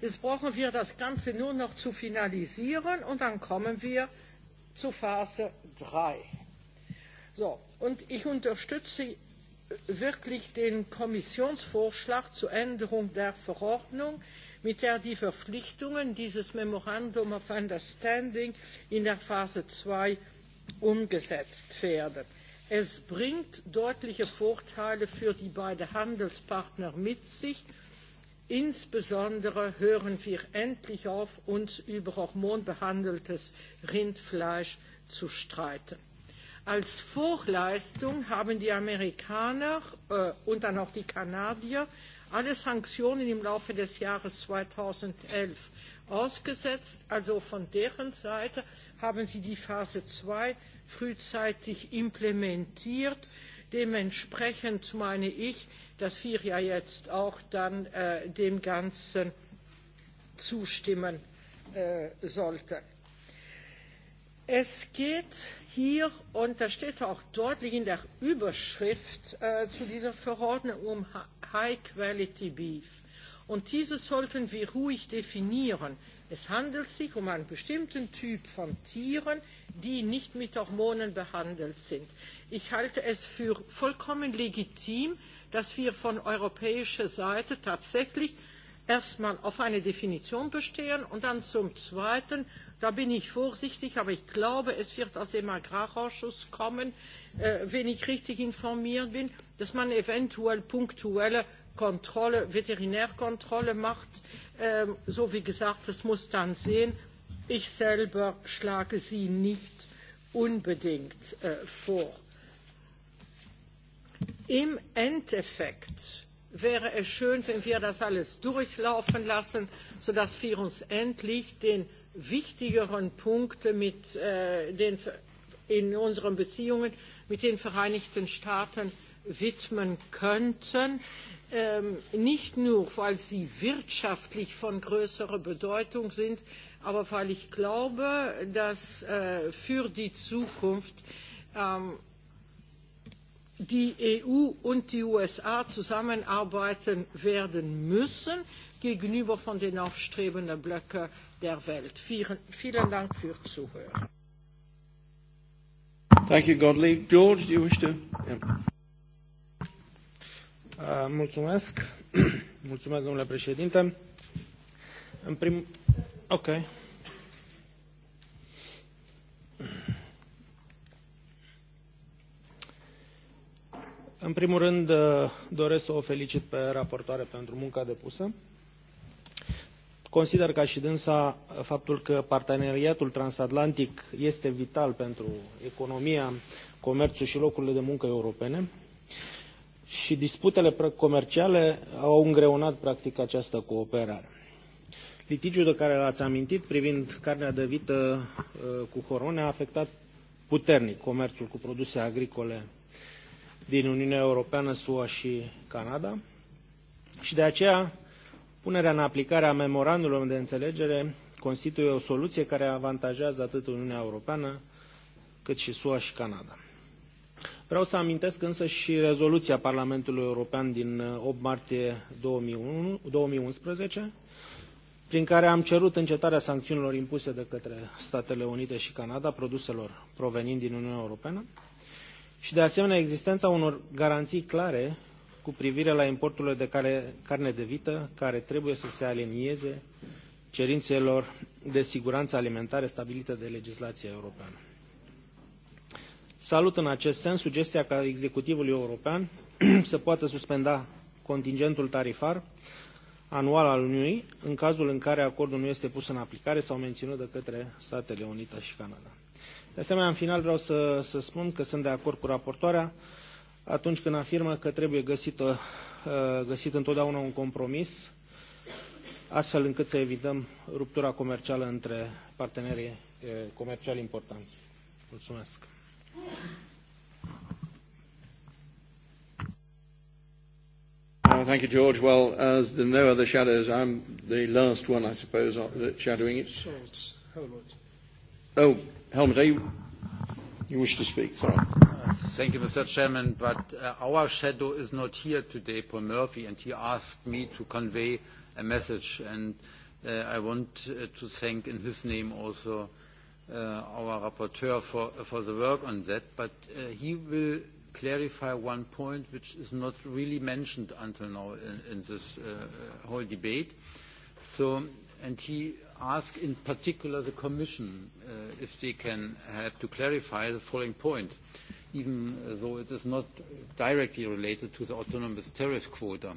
Jetzt brauchen wir das Ganze nur noch zu finalisieren und dann kommen wir zu Phase 3. So, und ich unterstütze wirklich den Kommissionsvorschlag zur Änderung der Verordnung, mit der die Verpflichtungen dieses Memorandum of Understanding in der Phase 2 umgesetzt werden. Es bringt deutliche Vorteile für die beiden Handelspartner mit sich. Insbesondere hören wir endlich auf, uns über hormonbehandeltes Rindfleisch zu streiten. Als Vorleistung haben die Amerikaner und dann auch die Kanadier alle Sanktionen im Laufe des Jahres 2011 ausgesetzt. Also von deren Seite haben sie die Phase zwei frühzeitig implementiert. Dementsprechend meine ich, dass wir ja jetzt auch dann dem Ganzen zustimmen sollten. Es geht hier, und das steht auch deutlich in der Überschrift zu dieser Verordnung, um High Quality Beef. Und dieses sollten wir ruhig definieren. Es handelt sich um einen bestimmten Typ von Tieren, die nicht mit Hormonen behandelt sind. Ich halte es für vollkommen legitim, dass wir von europäischer Seite tatsächlich erstmal auf eine Definition bestehen und dann zum Zweiten, da bin ich vorsichtig, aber ich glaube, es wird aus dem Agrarausschuss kommen, wenn ich richtig informiert bin, dass man eventuell punktuelle Kontrolle, Veterinärkontrolle macht. so wie gesagt, das muss dann sehen. Ich selber schlage sie nicht unbedingt vor. Im Endeffekt wäre es schön, wenn wir das alles durchlaufen lassen, sodass wir uns endlich den wichtigeren Punkten mit, den, in unseren Beziehungen mit den Vereinigten Staaten widmen könnten nicht nur, weil sie wirtschaftlich von größerer Bedeutung sind, aber weil ich glaube, dass für die Zukunft die EU und die USA zusammenarbeiten werden müssen gegenüber von den aufstrebenden Blöcken der Welt. Vielen, Dank für Zuhören. Thank you, George, do you wish to? Yeah. Mulțumesc. Mulțumesc, domnule președinte. În prim... Ok. În primul rând, doresc să o felicit pe raportoare pentru munca depusă. Consider ca și dânsa faptul că parteneriatul transatlantic este vital pentru economia, comerțul și locurile de muncă europene și disputele comerciale au îngreunat practic această cooperare. Litigiul de care l-ați amintit privind carnea de vită cu horone a afectat puternic comerțul cu produse agricole din Uniunea Europeană, SUA și Canada și de aceea punerea în aplicare a memorandului de înțelegere constituie o soluție care avantajează atât Uniunea Europeană cât și SUA și Canada. Vreau să amintesc însă și rezoluția Parlamentului European din 8 martie 2011, prin care am cerut încetarea sancțiunilor impuse de către Statele Unite și Canada produselor provenind din Uniunea Europeană și de asemenea existența unor garanții clare cu privire la importurile de care, carne de vită care trebuie să se alinieze cerințelor de siguranță alimentare stabilite de legislația europeană. Salut în acest sens sugestia ca executivului european să poată suspenda contingentul tarifar anual al Uniunii în cazul în care acordul nu este pus în aplicare sau menținut de către Statele Unite și Canada. De asemenea, în final vreau să, să spun că sunt de acord cu raportoarea atunci când afirmă că trebuie găsită, găsit întotdeauna un compromis astfel încât să evităm ruptura comercială între partenerii comerciali importanți. Mulțumesc! Thank you, George. Well, as there are no other shadows, I'm the last one, I suppose, shadowing it. Schultz, Helmut. Oh, Helmut, are you, you wish to speak? Sorry. Uh, Thank you, Mr. Chairman, but uh, our shadow is not here today, Paul Murphy, and he asked me to convey a message, and uh, I want uh, to thank in his name also our rapporteur for, for the work on that, but uh, he will clarify one point which is not really mentioned until now in, in this uh, whole debate. So, and he asked in particular the Commission uh, if they can help to clarify the following point, even though it is not directly related to the autonomous tariff quota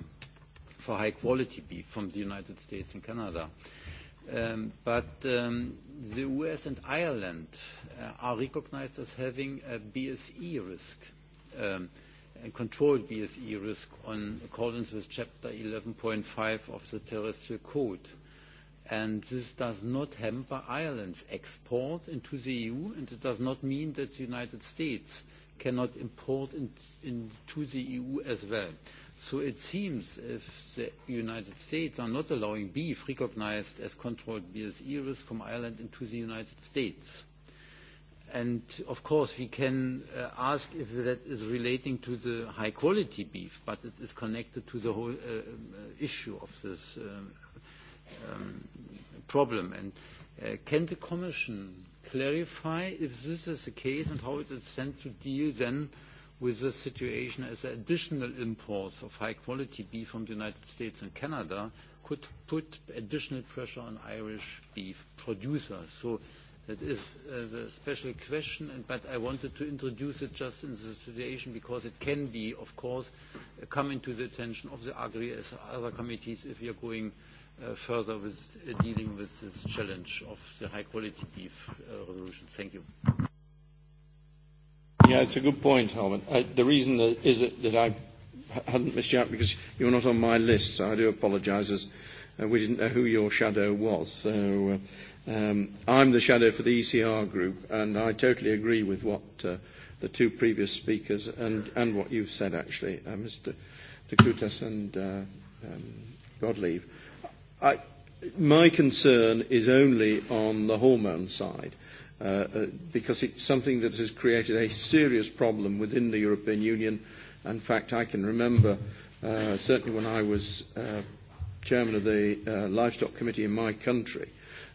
for high-quality beef from the United States and Canada. Uh, but um the US and Ireland uh are recognized as having a BSE risk, a controlled BSE risk on accordance with Chapter 11.5 of the Terrestrial Code. And this does not hamper Ireland's export into the EU, and it does not mean that the United States cannot import into the EU as well. So it seems if the United States are not allowing beef recognized as controlled BSE risk from Ireland into the United States. And of course, we can uh, ask if that is relating to the high quality beef, but it is connected to the whole uh, issue of this um, um, problem. And uh, can the Commission clarify if this is the case and how it is sent to deal then? with this situation as additional imports of high-quality beef from the United States and Canada could put additional pressure on Irish beef producers. So That is the special question, but I wanted to introduce it just in the situation because it can be, of course, coming to the attention of the Agri as other committees if we are going further with dealing with this challenge of the high-quality beef revolution. Thank you. Yeah, it's a good point, Harman. Uh the reason that, is that, that I hadn't missed you out because you were not on my list, so I do apologise as uh, we didn't know who your shadow was. So uh, um, I'm the shadow for the ECR group, and I totally agree with what uh, the two previous speakers and, and what you've said, actually, uh, Mr. De Kutas and uh, um, Godleave. I, my concern is only on the hormone side because it's something that has created a serious problem within the European Union. In fact, I can remember, uh, certainly when I was uh, chairman of the uh, Livestock Committee in my country,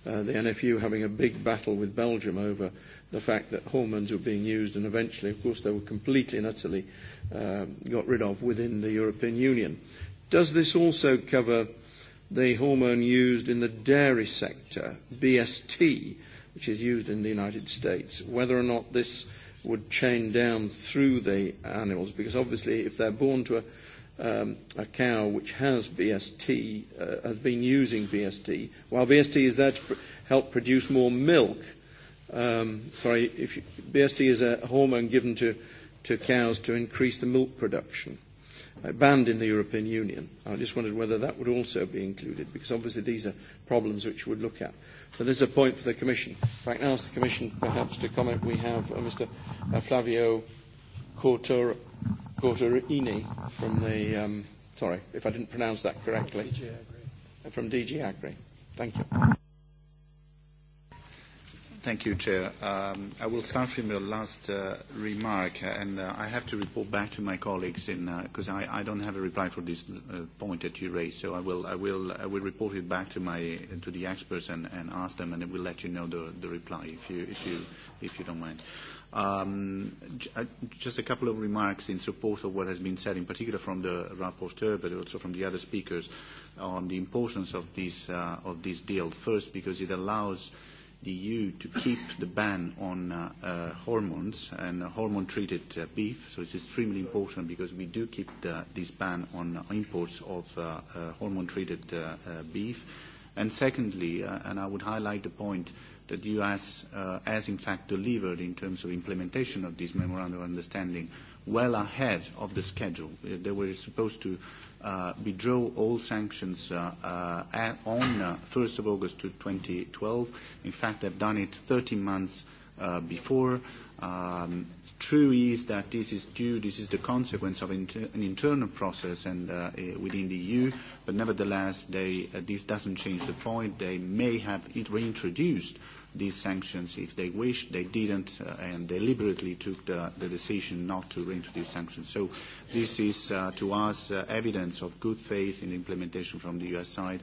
uh, the NFU having a big battle with Belgium over the fact that hormones were being used, and eventually, of course, they were completely and utterly uh, got rid of within the European Union. Does this also cover the hormone used in the dairy sector, BST, which is used in the United States, whether or not this would chain down through the animals, because obviously if they're born to a, um, a cow which has BST, uh, has been using BST, while BST is there to pr- help produce more milk, um, sorry, if you, BST is a hormone given to, to cows to increase the milk production. Uh, banned in the European Union. I just wondered whether that would also be included, because obviously these are problems which you would look at. So this is a point for the Commission. If I can ask the Commission perhaps to comment, we have uh, Mr. Flavio Cortorini from the, um, sorry, if I didn't pronounce that correctly, from DG Agri. From DG Agri. Thank you. Thank you, Chair. Um, I will start from your last uh, remark, and uh, I have to report back to my colleagues in because uh, I, I don't have a reply for this uh, point that you raised. So I will, I will, I will report it back to my to the experts and, and ask them, and I will let you know the, the reply if you if you if you don't mind. Um, just a couple of remarks in support of what has been said, in particular from the rapporteur, but also from the other speakers, on the importance of this uh, of this deal. First, because it allows the EU to keep the ban on uh, uh, hormones and hormone-treated uh, beef. So it's extremely important because we do keep the, this ban on imports of uh, uh, hormone-treated uh, uh, beef. And secondly, uh, and I would highlight the point that the U.S. uh, has in fact delivered in terms of implementation of this memorandum of understanding well ahead of the schedule. They were supposed to uh, withdraw all sanctions uh, uh, on uh, 1st of August to 2012. In fact, they've done it 13 months uh, before. Um, true is that this is due, this is the consequence of inter- an internal process and uh, within the EU, but nevertheless, they, uh, this doesn't change the point. They may have it reintroduced uh, these sanctions if they wished. They didn't uh, and deliberately took the, the decision not to reintroduce sanctions. So this is, uh, to us, uh, evidence of good faith in implementation from the U.S. side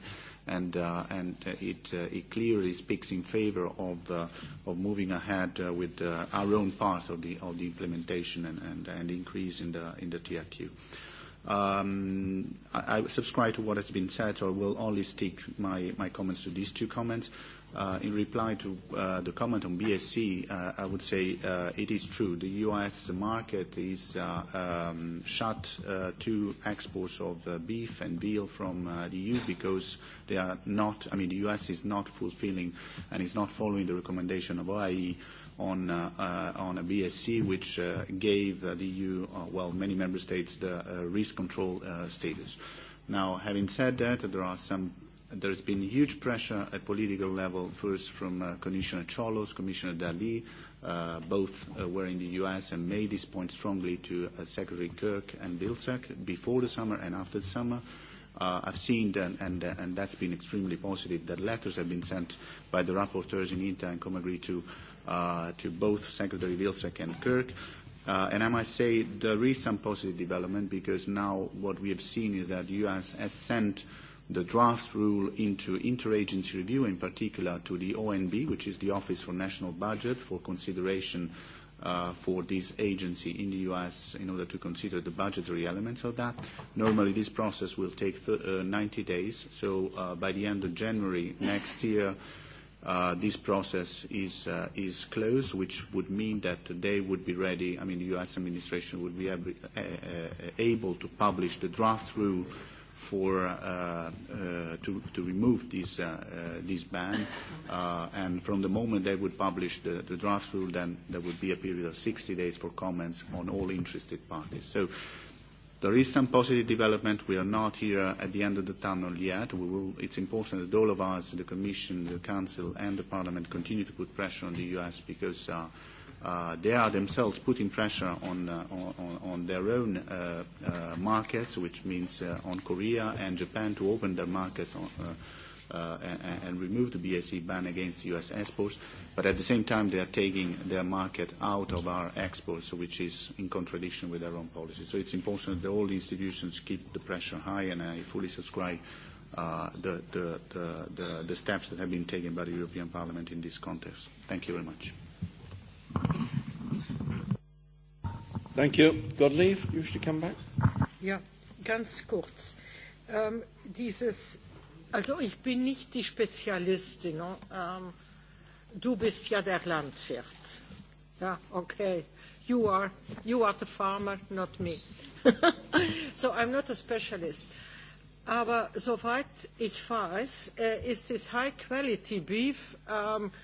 and uh and it uh it clearly speaks in favor of uh of moving ahead uh with uh our own part of the of the implementation and and and increase in the in the TRQ. Um I I subscribe to what has been said, so I will only stick my my comments to these two comments. Uh, in reply to uh, the comment on BSC, uh, I would say uh, it is true. The U.S. market is uh, um, shut uh, to exports of uh, beef and veal from uh, the EU because they are not, I mean, the U.S. is not fulfilling and is not following the recommendation of OIE on a BSC, which gave the EU, well, many member states, the risk control status. Now, having said that, there are some There has been huge pressure at political level, first from uh, Commissioner Cholos, Commissioner Dali, uh, both uh, were in the US and made this point strongly to uh, Secretary Kirk and Bilsek before the summer and after the summer. Uh, I've seen, that, and, uh, and that's been extremely positive, that letters have been sent by the rapporteurs in INTA and Comagri to, uh, to both Secretary Vilsack and Kirk. Uh, and I must say there is some positive development because now what we have seen is that the US has sent uh, the draft rule into interagency review, in particular to the ONB, which is the Office for National Budget, for consideration uh, for this agency in the U.S. in order to consider the budgetary elements of that. Normally, this process will take th- uh, 90 days, so uh, by the end of January next year, uh, this process is, uh, is closed, which would mean that they would be ready, I mean, the U.S. administration would be able to publish the draft rule for uh, uh, to, to remove this, uh, uh, this ban. Uh, and from the moment they would publish the, the draft rule, then there would be a period of 60 days for comments on all interested parties. So there is some positive development. We are not here at the end of the tunnel yet. We will, it's important that all of us, the Commission, the Council, and the Parliament continue to put pressure on the US because uh, uh, they are themselves putting pressure on, uh, on, on their own uh, uh, markets, which means uh, on Korea and Japan to open their markets on, uh, uh, and, and remove the BSE ban against U.S. exports, but at the same time they are taking their market out of our exports, which is in contradiction with their own policy. So it's important that all the institutions keep the pressure high, and I fully subscribe uh, the, the, the, the, the steps that have been taken by the European Parliament in this context. Thank you very much. Thank you. you wish to come back? Ja, ganz kurz. Ähm, dieses, also ich bin nicht die Spezialistin. Ähm, du bist ja der Landwirt. Ja, okay. You are, you are the farmer, not me. so I'm not a specialist. Aber soweit ich weiß, äh, ist das High-Quality Beef ähm, –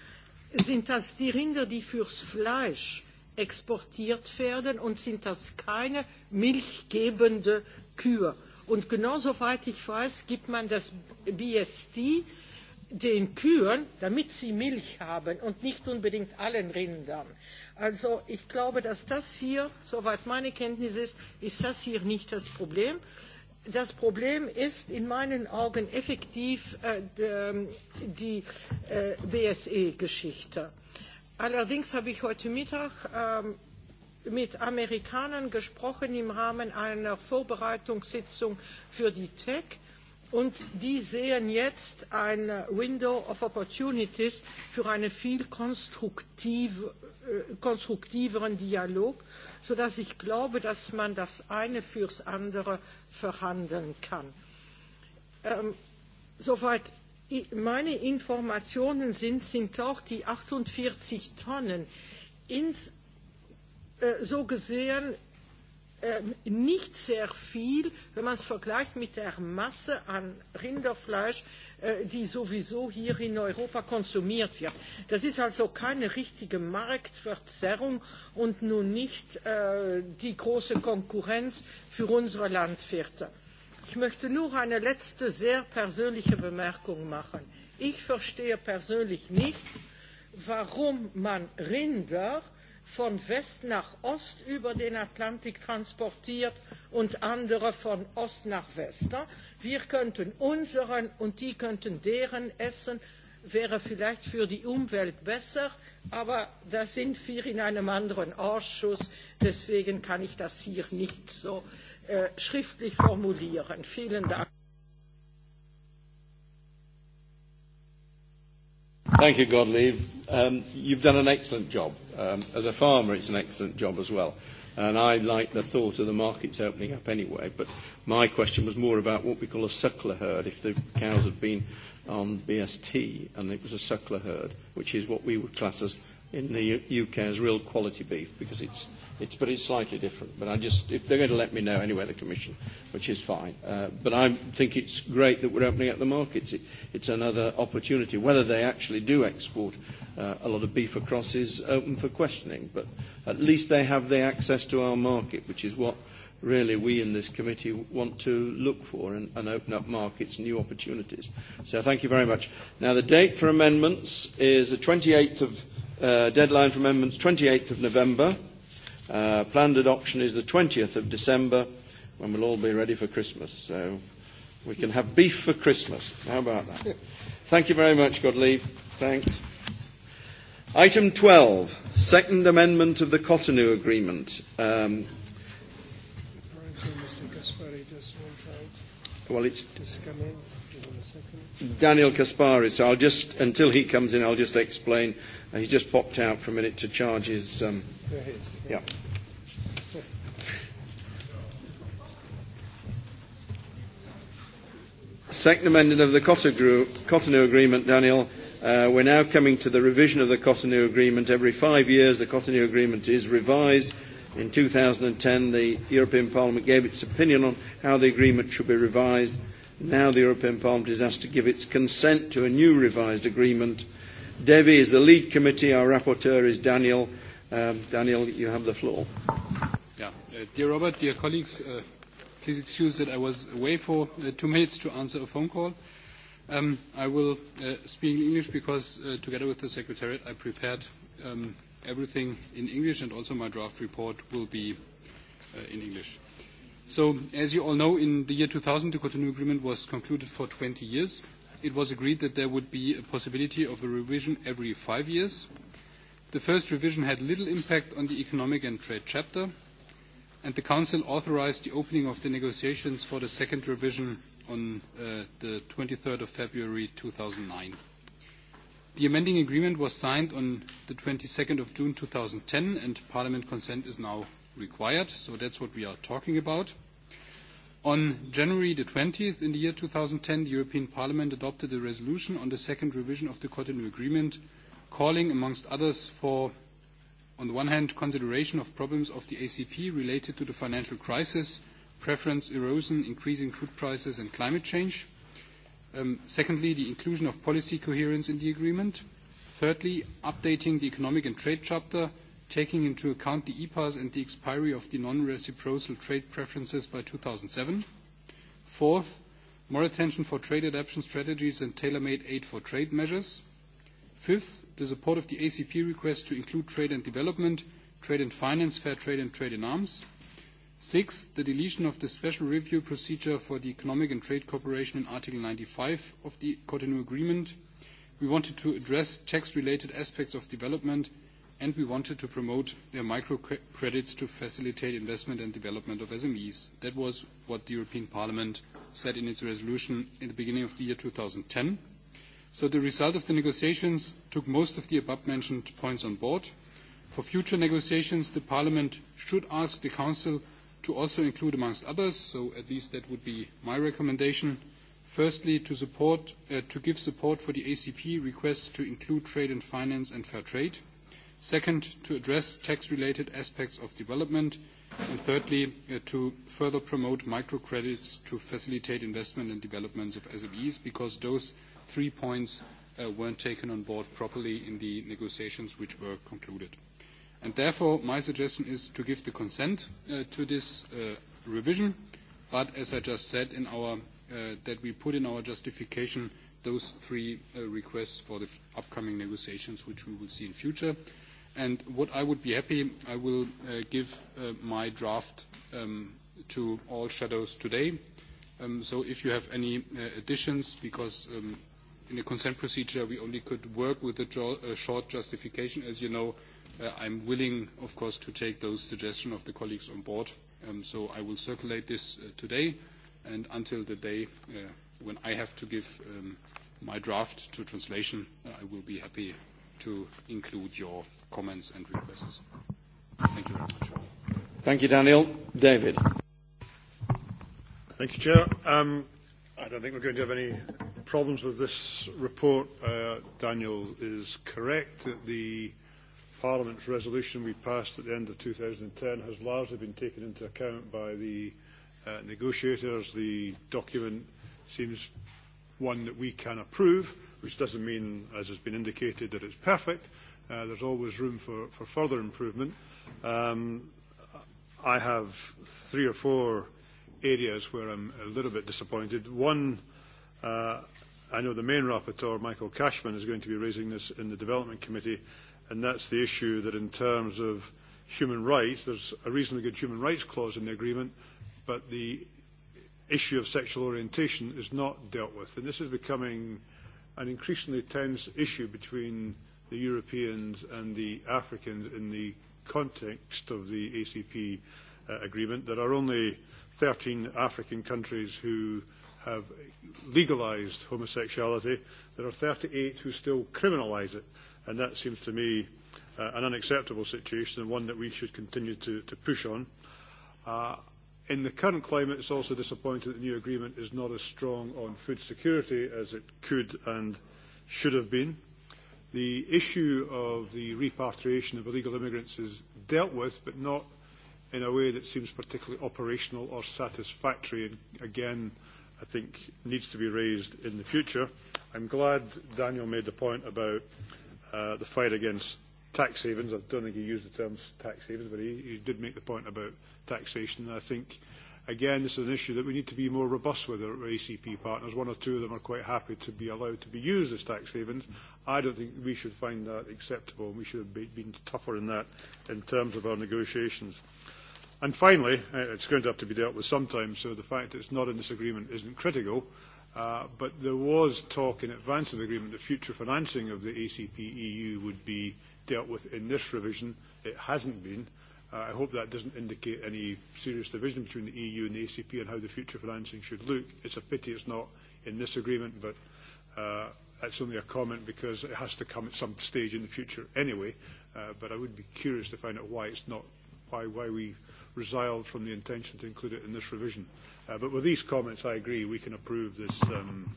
Sind das die Rinder, die fürs Fleisch exportiert werden und sind das keine milchgebende Kühe? Und genau soweit ich weiß, gibt man das BST den Kühen, damit sie Milch haben und nicht unbedingt allen Rindern. Also ich glaube, dass das hier, soweit meine Kenntnis ist, ist das hier nicht das Problem das Problem ist in meinen Augen effektiv die BSE-Geschichte. Allerdings habe ich heute Mittag mit Amerikanern gesprochen im Rahmen einer Vorbereitungssitzung für die TEC und die sehen jetzt ein Window of Opportunities für eine viel konstruktive konstruktiveren Dialog, sodass ich glaube, dass man das eine fürs andere verhandeln kann. soweit meine Informationen sind, sind auch die 48 Tonnen ins, so gesehen nicht sehr viel, wenn man es vergleicht mit der Masse an Rinderfleisch, die sowieso hier in Europa konsumiert wird. Das ist also keine richtige Marktverzerrung und nun nicht die große Konkurrenz für unsere Landwirte. Ich möchte nur eine letzte sehr persönliche Bemerkung machen. Ich verstehe persönlich nicht, warum man Rinder von West nach Ost über den Atlantik transportiert und andere von Ost nach West. Wir könnten unseren und die könnten deren essen, wäre vielleicht für die Umwelt besser, aber da sind wir in einem anderen Ausschuss, deswegen kann ich das hier nicht so schriftlich formulieren. Vielen Dank. Thank you, Godley. Um, you've done an excellent job. Um, as a farmer, it's an excellent job as well. And I like the thought of the markets opening up anyway. But my question was more about what we call a suckler herd. If the cows had been on BST and it was a suckler herd, which is what we would class as in the UK as real quality beef because it's It's, but it's slightly different. But I just, if they're going to let me know anyway, the Commission, which is fine. Uh, but I think it's great that we're opening up the markets. It, it's another opportunity. Whether they actually do export uh, a lot of beef across is open for questioning. But at least they have the access to our market, which is what really we in this committee want to look for and, and open up markets, and new opportunities. So thank you very much. Now the date for amendments is the 28th of, uh, deadline for amendments, 28th of November. Uh, planned adoption is the 20th of December when we'll all be ready for Christmas. So we can have beef for Christmas. How about that? Thank you very much, Godlieve. Thanks. Item 12, Second Amendment of the Cotonou Agreement. Um, well, it's. Just come in. Daniel Kaspari. So I'll just, until he comes in, I'll just explain. Uh, he's just popped out for a minute to charge his. Um, yeah. Second amendment of the Cotonou Agreement, Daniel. Uh, we're now coming to the revision of the Cotonou Agreement. Every five years, the Cotonou Agreement is revised. In 2010, the European Parliament gave its opinion on how the agreement should be revised Now the European Parliament is asked to give its consent to a new revised agreement. Debbie is the lead committee. Our rapporteur is Daniel. Daniel, you have the floor. dear Robert, dear colleagues, please excuse that I was away for two minutes to answer a phone call. I will speak in English because together with the Secretariat I prepared everything in English and also my draft report will be in English. So, as you all know, in the year 2000, the Cotonou Agreement was concluded for 20 years. It was agreed that there would be a possibility of a revision every five years. The first revision had little impact on the economic and trade chapter, and the Council authorised the opening of the negotiations for the second revision on uh, the 23rd of February 2009. The amending agreement was signed on the 22nd of June 2010, and Parliament consent is now required, so that's what we are talking about. On January the 20th in the year 2010, the European Parliament adopted a resolution on the second revision of the Cotonou Agreement, calling, amongst others, for, on the one hand, consideration of problems of the ACP related to the financial crisis, preference erosion, increasing food prices, and climate change. secondly, the inclusion of policy coherence in the agreement. Thirdly, updating the economic and trade chapter – taking into account the EPAs and the expiry of the non-reciprocal trade preferences by 2007. Fourth, more attention for trade adaptation strategies and tailor-made aid for trade measures. Fifth, the support of the ACP request to include trade and development, trade and finance, fair trade, and trade in arms. Sixth, the deletion of the special review procedure for the economic and trade cooperation in Article 95 of the Cotonou Agreement. We wanted to address tax-related aspects of development and we wanted to promote microcredits to facilitate investment and development of SMEs. That was what the European Parliament said in its resolution in the beginning of the year 2010. So the result of the negotiations took most of the above-mentioned points on board. For future negotiations, the Parliament should ask the Council to also include, amongst others, so at least that would be my recommendation, firstly, to, support, to give support for the ACP requests to include trade and finance and fair trade – Second, to address tax-related aspects of development. And thirdly, to further promote microcredits to facilitate investment and developments of SMEs, because those three points weren't taken on board properly in the negotiations which were concluded. And Therefore, my suggestion is to give the consent to this revision, but as I just said, in our that we put in our justification those three requests for the upcoming negotiations, which we will see in future. And what I would be happy, I will give my draft to all shadows today. So if you have any additions, because in the consent procedure, we only could work with a short justification. As you know, I'm willing, of course, to take those suggestions of the colleagues on board. So I will circulate this today and until the day when I have to give my draft to translation, I will be happy to include your comments and requests. Thank you very much. Thank you, Daniel. David. Thank you, Chair. Um, I don't think we're going to have any problems with this report. Uh, Daniel is correct that the Parliament's resolution we passed at the end of 2010 has largely been taken into account by the uh, negotiators. The document seems one that we can approve which doesn't mean, as has been indicated, that it's perfect. Uh, there's always room for, for further improvement. Um, I have three or four areas where I'm a little bit disappointed. One, uh, I know the main rapporteur, Michael Cashman, is going to be raising this in the Development Committee, and that's the issue that in terms of human rights, there's a reasonably good human rights clause in the agreement, but the issue of sexual orientation is not dealt with. And this is becoming an increasingly tense issue between the Europeans and the Africans in the context of the ACP uh, agreement. There are only 13 African countries who have legalized homosexuality. There are 38 who still criminalize it, and that seems to me uh, an unacceptable situation and one that we should continue to, to push on. Uh, In the current climate, it's also disappointing that the new agreement is not as strong on food security as it could and should have been. The issue of the repatriation of illegal immigrants is dealt with, but not in a way that seems particularly operational or satisfactory, and again, I think needs to be raised in the future. I'm glad Daniel made the point about uh, the fight against tax havens. I don't think he used the term tax havens, but he, he did make the point about taxation. I think, again, this is an issue that we need to be more robust with our ACP partners. One or two of them are quite happy to be allowed to be used as tax havens. I don't think we should find that acceptable, and we should have been tougher in that in terms of our negotiations. And finally, it's going to have to be dealt with sometime, so the fact that it's not in this agreement isn't critical. Uh, but there was talk in advance of the agreement that future financing of the ACP EU would be dealt with in this revision. It hasn't been. Uh, I hope that doesn't indicate any serious division between the EU and the ACP on how the future financing should look. It's a pity it's not in this agreement, but uh, that's only a comment because it has to come at some stage in the future anyway. Uh, but I would be curious to find out why it's not, why, why we resiled from the intention to include it in this revision. Uh, but with these comments, I agree we can approve this, um,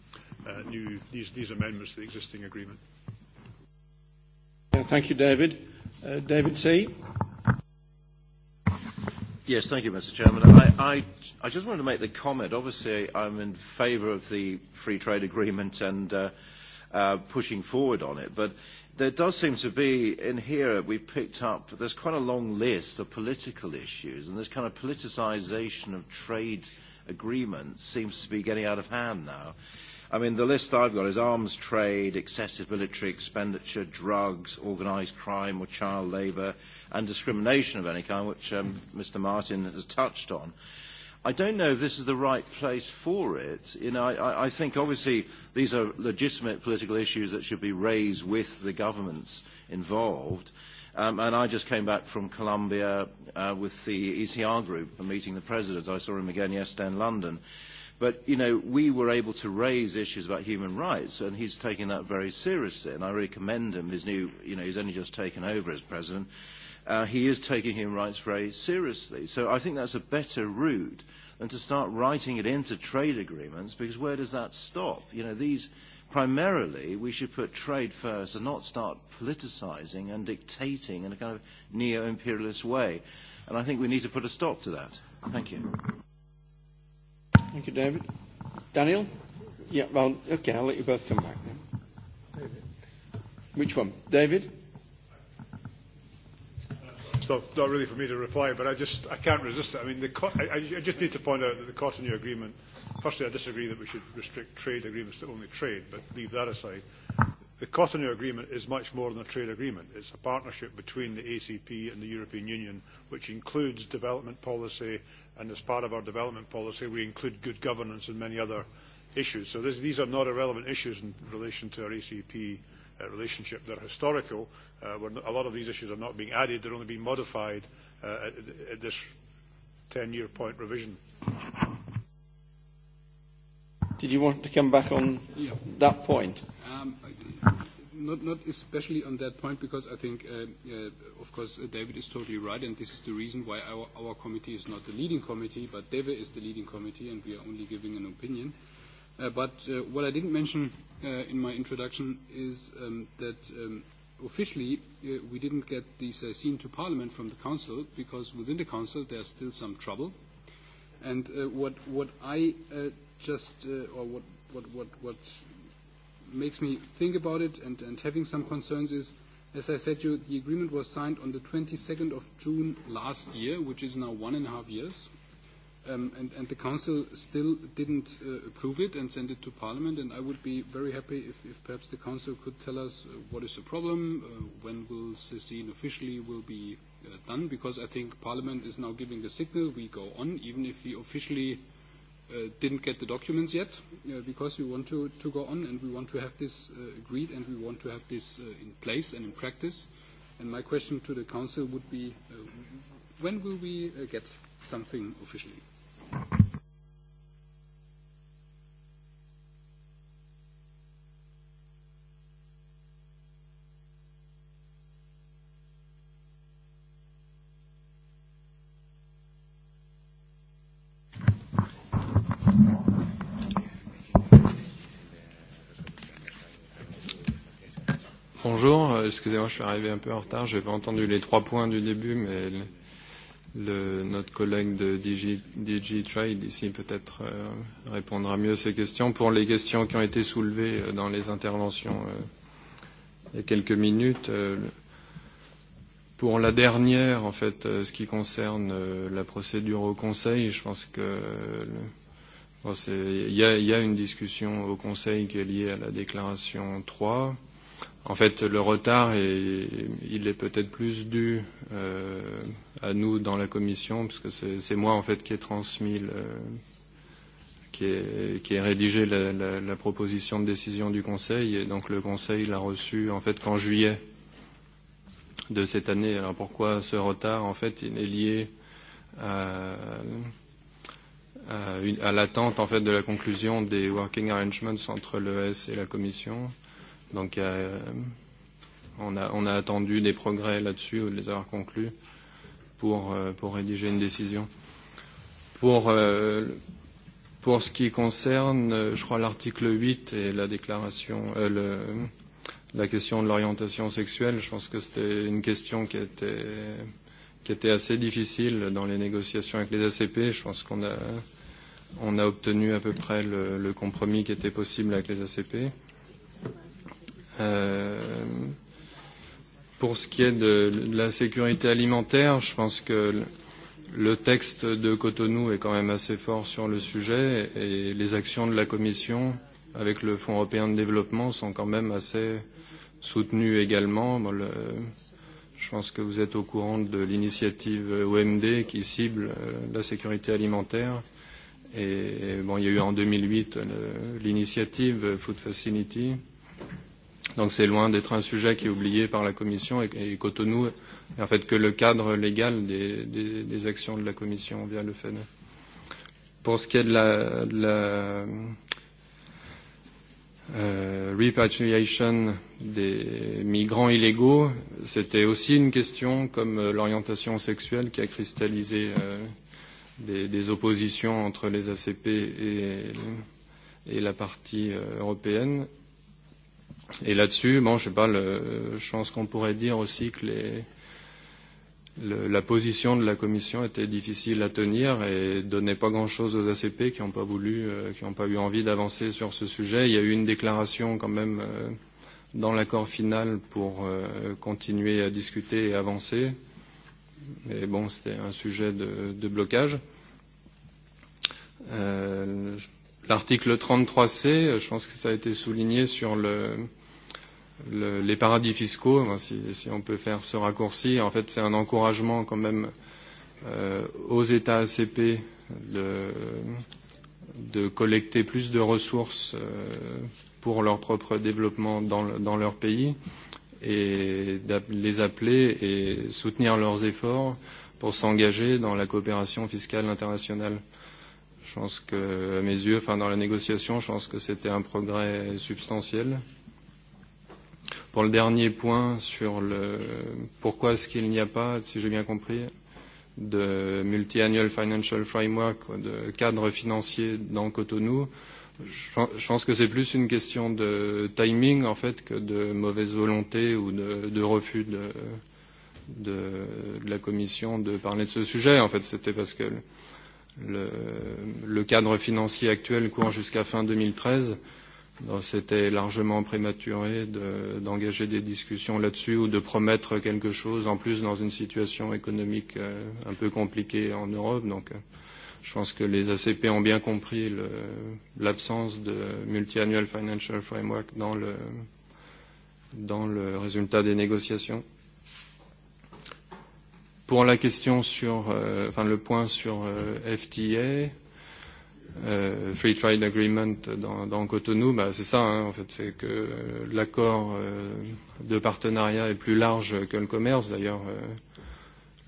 uh, new, these, these amendments to the existing agreement. Thank you, David. David C. Yes, thank you, Mr. Chairman. I, I, I just wanted to make the comment. Obviously, I'm in favour of the free trade agreement and uh, uh, pushing forward on it, but there does seem to be in here we picked up there's quite a long list of political issues, and this kind of politicisation of trade agreements seems to be getting out of hand now I mean, the list I've got is arms trade, excessive military expenditure, drugs, organised crime or child labour, and discrimination of any kind, which um, Mr. Martin has touched on. I don't know if this is the right place for it. You know, I, I think obviously these are legitimate political issues that should be raised with the governments involved. Um, and I just came back from Colombia uh, with the ECR group, meeting the president. I saw him again yesterday in London But, you know, we were able to raise issues about human rights, and he's taking that very seriously. And I really commend him. His new, you know, he's only just taken over as president. Uh, he is taking human rights very seriously. So I think that's a better route than to start writing it into trade agreements, because where does that stop? You know, these primarily we should put trade first and not start politicizing and dictating in a kind of neo-imperialist way. And I think we need to put a stop to that. Thank you. Thank you, David. Daniel? Yeah, well, okay, I'll let you both come back then. David. Which one? David? It's not, not really for me to reply, but I just I can't resist it. I mean, the, I, I just need to point out that the Cotonou Agreement. Firstly, I disagree that we should restrict trade agreements to only trade, but leave that aside. The Cotonou Agreement is much more than a trade agreement. It's a partnership between the ACP and the European Union, which includes development policy, and as part of our development policy, we include good governance and many other issues. So this, these are not irrelevant issues in relation to our ACP uh, relationship. They're historical. Uh, a lot of these issues are not being added. They're only being modified uh, at, at this 10-year point revision. Did you want to come back on yeah. that point? Um, not, not especially on that point because I think, uh, uh, of course, uh, David is totally right, and this is the reason why our, our committee is not the leading committee, but DEVE is the leading committee, and we are only giving an opinion. Uh, but uh, what I didn't mention uh, in my introduction is um, that um, officially uh, we didn't get uh seen to Parliament from the Council because within the Council there's still some trouble. And uh, what, what I uh, just, uh, or what, what, what, what makes me think about it and, and having some concerns is, as I said to you, the agreement was signed on the 22nd of June last year, which is now one and a half years. Um, and, and the Council still didn't uh, approve it and send it to Parliament. And I would be very happy if, if perhaps the Council could tell us uh, what is the problem, uh, when will Cecine officially will be uh, done, because I think Parliament is now giving the signal we go on, even if we officially – didn't get the documents yet because we want to, to go on and we want to have this agreed and we want to have this in place and in practice. And my question to the Council would be when will we get something officially? excusez-moi, je suis arrivé un peu en retard. Je n'ai pas entendu les trois points du début, mais le, le, notre collègue de Digi DG Trade ici peut-être euh, répondra mieux à ces questions. Pour les questions qui ont été soulevées euh, dans les interventions euh, il y a quelques minutes, euh, pour la dernière, en fait, euh, ce qui concerne euh, la procédure au Conseil, je pense que euh, le, Bon, il y, a, y a une discussion au Conseil qui est liée à la déclaration 3. En fait, le retard, est, il est peut-être plus dû euh, à nous dans la commission, puisque c'est moi en fait qui ai transmis, le, qui, ai, qui ai rédigé la, la, la proposition de décision du Conseil, et donc le Conseil l'a reçu en fait qu'en juillet de cette année. Alors pourquoi ce retard En fait, il est lié à, à, à l'attente en fait de la conclusion des working arrangements entre l'ES et la Commission Donc euh, on, a, on a attendu des progrès là-dessus, de les avoir conclus, pour, euh, pour rédiger une décision. Pour, euh, pour ce qui concerne, je crois, l'article 8 et la déclaration, euh, le, la question de l'orientation sexuelle, je pense que c'était une question qui était, qui était assez difficile dans les négociations avec les ACP. Je pense qu'on a, on a obtenu à peu près le, le compromis qui était possible avec les ACP pour ce qui est de la sécurité alimentaire, je pense que le texte de Cotonou est quand même assez fort sur le sujet et les actions de la Commission avec le Fonds européen de développement sont quand même assez soutenues également. Bon, le, je pense que vous êtes au courant de l'initiative OMD qui cible la sécurité alimentaire. Et bon, il y a eu en 2008 l'initiative Food Facility Donc c'est loin d'être un sujet qui est oublié par la Commission et, et Cotonou et en fait que le cadre légal des, des, des actions de la Commission via le Fed. Pour ce qui est de la, de la euh, repatriation des migrants illégaux, c'était aussi une question comme l'orientation sexuelle qui a cristallisé euh, des, des oppositions entre les ACP et, et la partie européenne Et là-dessus, bon, je sais pas, le, je pense qu'on pourrait dire aussi que les, le, la position de la Commission était difficile à tenir et donnait pas grand-chose aux ACP qui n'ont pas voulu, euh, qui n'ont pas eu envie d'avancer sur ce sujet. Il y a eu une déclaration quand même euh, dans l'accord final pour euh, continuer à discuter et avancer. Mais bon, c'était un sujet de, de blocage. Euh, je L'article 33C, je pense que ça a été souligné sur le, le, les paradis fiscaux, enfin, si, si on peut faire ce raccourci. En fait, c'est un encouragement quand même euh, aux États ACP de, de collecter plus de ressources euh, pour leur propre développement dans, dans leur pays et les appeler et soutenir leurs efforts pour s'engager dans la coopération fiscale internationale. Je pense que, à mes yeux, enfin, dans la négociation, je pense que c'était un progrès substantiel. Pour le dernier point sur le pourquoi est-ce qu'il n'y a pas, si j'ai bien compris, de multi-annual financial framework, de cadre financier dans Cotonou, je pense que c'est plus une question de timing en fait que de mauvaise volonté ou de, de refus de, de, de la Commission de parler de ce sujet. En fait, c'était parce que le, le cadre financier actuel court jusqu'à fin 2013. Donc c'était largement prématuré d'engager de, des discussions là-dessus ou de promettre quelque chose en plus dans une situation économique un peu compliquée en Europe. Donc je pense que les ACP ont bien compris l'absence de multi-annual financial framework dans le, dans le résultat des négociations. Pour la question sur, euh, enfin le point sur euh, FTA, euh, Free Trade Agreement dans, dans Cotonou, bah, c'est ça hein, en fait, c'est que l'accord euh, de partenariat est plus large que le commerce. D'ailleurs,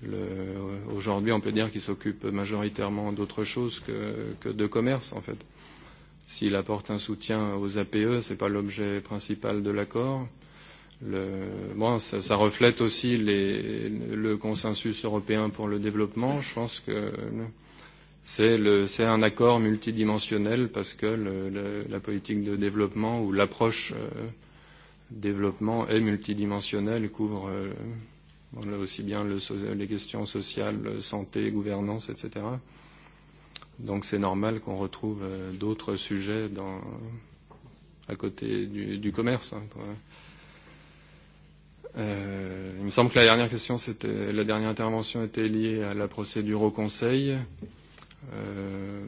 euh, aujourd'hui, on peut dire qu'il s'occupe majoritairement d'autre chose que, que de commerce en fait. S'il apporte un soutien aux APE, ce n'est pas l'objet principal de l'accord. Euh, bon, ça, ça reflète aussi les, le consensus européen pour le développement. Je pense que c'est un accord multidimensionnel parce que le, le, la politique de développement ou l'approche euh, développement est multidimensionnelle et couvre euh, bon, là aussi bien le, les questions sociales, santé, gouvernance, etc. Donc c'est normal qu'on retrouve euh, d'autres sujets dans, à côté du, du commerce. Hein, pour, euh, Euh, il me semble que la dernière question, c'était la dernière intervention était liée à la procédure au Conseil. Euh,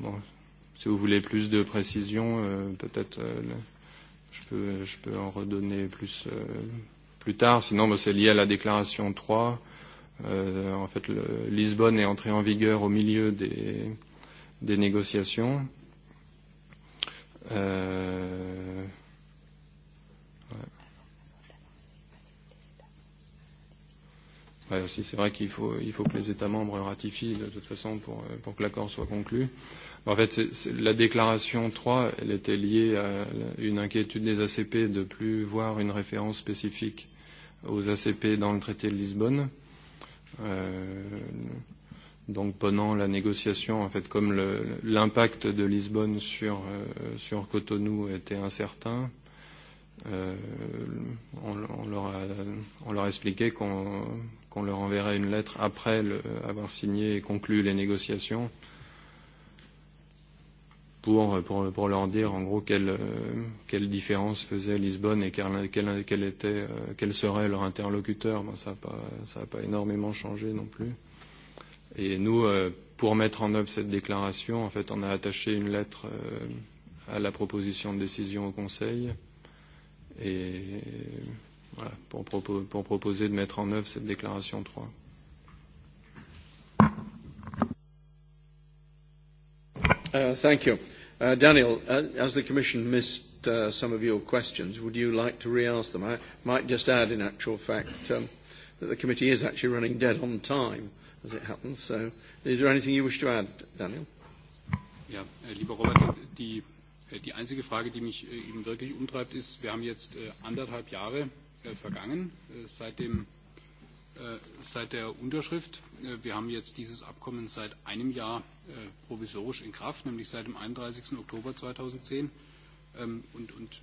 bon, si vous voulez plus de précision, euh, peut-être euh, je, peux, je peux en redonner plus euh, plus tard. Sinon, bon, c'est lié à la déclaration 3. Euh, en fait, le, Lisbonne est entrée en vigueur au milieu des, des négociations. Euh, Après aussi, c'est vrai qu'il faut, il faut que les États membres ratifient de toute façon pour, pour que l'accord soit conclu. En fait, c est, c est, la déclaration 3, elle était liée à une inquiétude des ACP de plus voir une référence spécifique aux ACP dans le traité de Lisbonne. Euh, donc pendant la négociation, en fait, comme l'impact de Lisbonne sur, euh, sur Cotonou était incertain, euh, on, on, leur a, on leur a expliqué qu'on qu'on leur enverrait une lettre après le, avoir signé et conclu les négociations pour, pour, pour leur dire en gros quelle, quelle différence faisait Lisbonne et quel, quel, quel, était, quel serait leur interlocuteur. Ben, ça n'a pas, pas énormément changé non plus. Et nous, pour mettre en œuvre cette déclaration, en fait, on a attaché une lettre à la proposition de décision au Conseil. Et Voilà, pour, propos, pour proposer de mettre en œuvre cette déclaration 3. Uh, thank you. Uh, Daniel, uh, as the Commission missed uh, some of your questions, would you like to re-ask them? I might just add, in actual fact, um, that the committee is actually running dead on time, as it happens. So, is there anything you wish to add, Daniel? Ja, äh, lieber Robert, die, äh, die einzige Frage, die mich äh, eben wirklich umtreibt, ist, wir haben jetzt äh, anderthalb Jahre vergangen seit, der Unterschrift. wir haben jetzt dieses Abkommen seit einem Jahr provisorisch in Kraft, nämlich seit dem 31. Oktober 2010. Ähm, und, und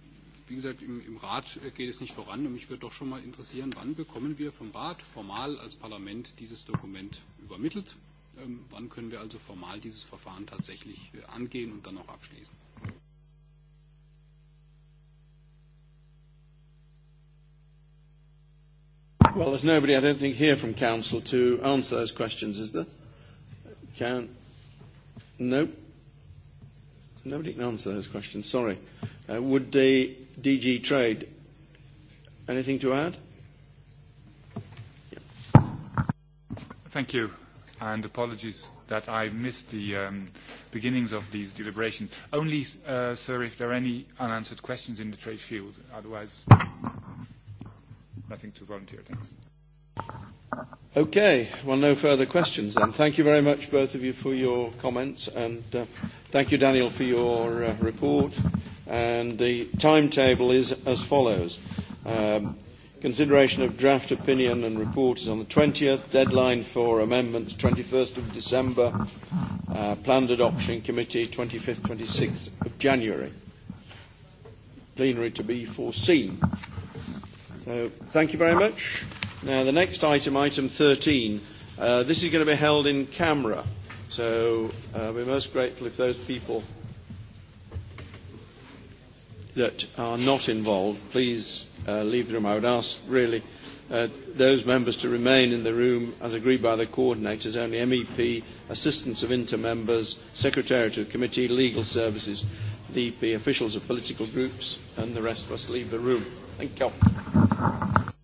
wie gesagt, im, im Rat geht es nicht voran. Und mich würde doch schon mal interessieren, wann bekommen wir vom Rat formal als Parlament dieses Dokument übermittelt? wann können wir also formal dieses Verfahren tatsächlich angehen und dann auch abschließen? Well, there's nobody, I don't think, here from Council to answer those questions, is there? Can... Nope. Nobody can answer those questions, sorry. Uh, would the DG Trade, anything to add? Yeah. Thank you, and apologies that I missed the um, beginnings of these deliberations. Only, uh, sir, if there are any unanswered questions in the trade field, otherwise nothing to volunteer thanks. Okay. Well, no further questions then. Thank you very much, both of you, for your comments, and uh, thank you, Daniel, for your uh, report. And the timetable is as follows. Um, consideration of draft opinion and report is on the 20th, deadline for amendments 21st of December, uh, planned adoption committee 25th, 26th of January. Plenary to be foreseen. So thank you very much. Now the next item, item 13, uh, this is going to be held in camera. So uh, we're most grateful if those people that are not involved, please uh, leave the room. I would ask really uh, those members to remain in the room as agreed by the coordinators, only MEP, assistants of inter-members, secretariat of committee, legal services, DP, officials of political groups, and the rest of us leave the room. Thank you.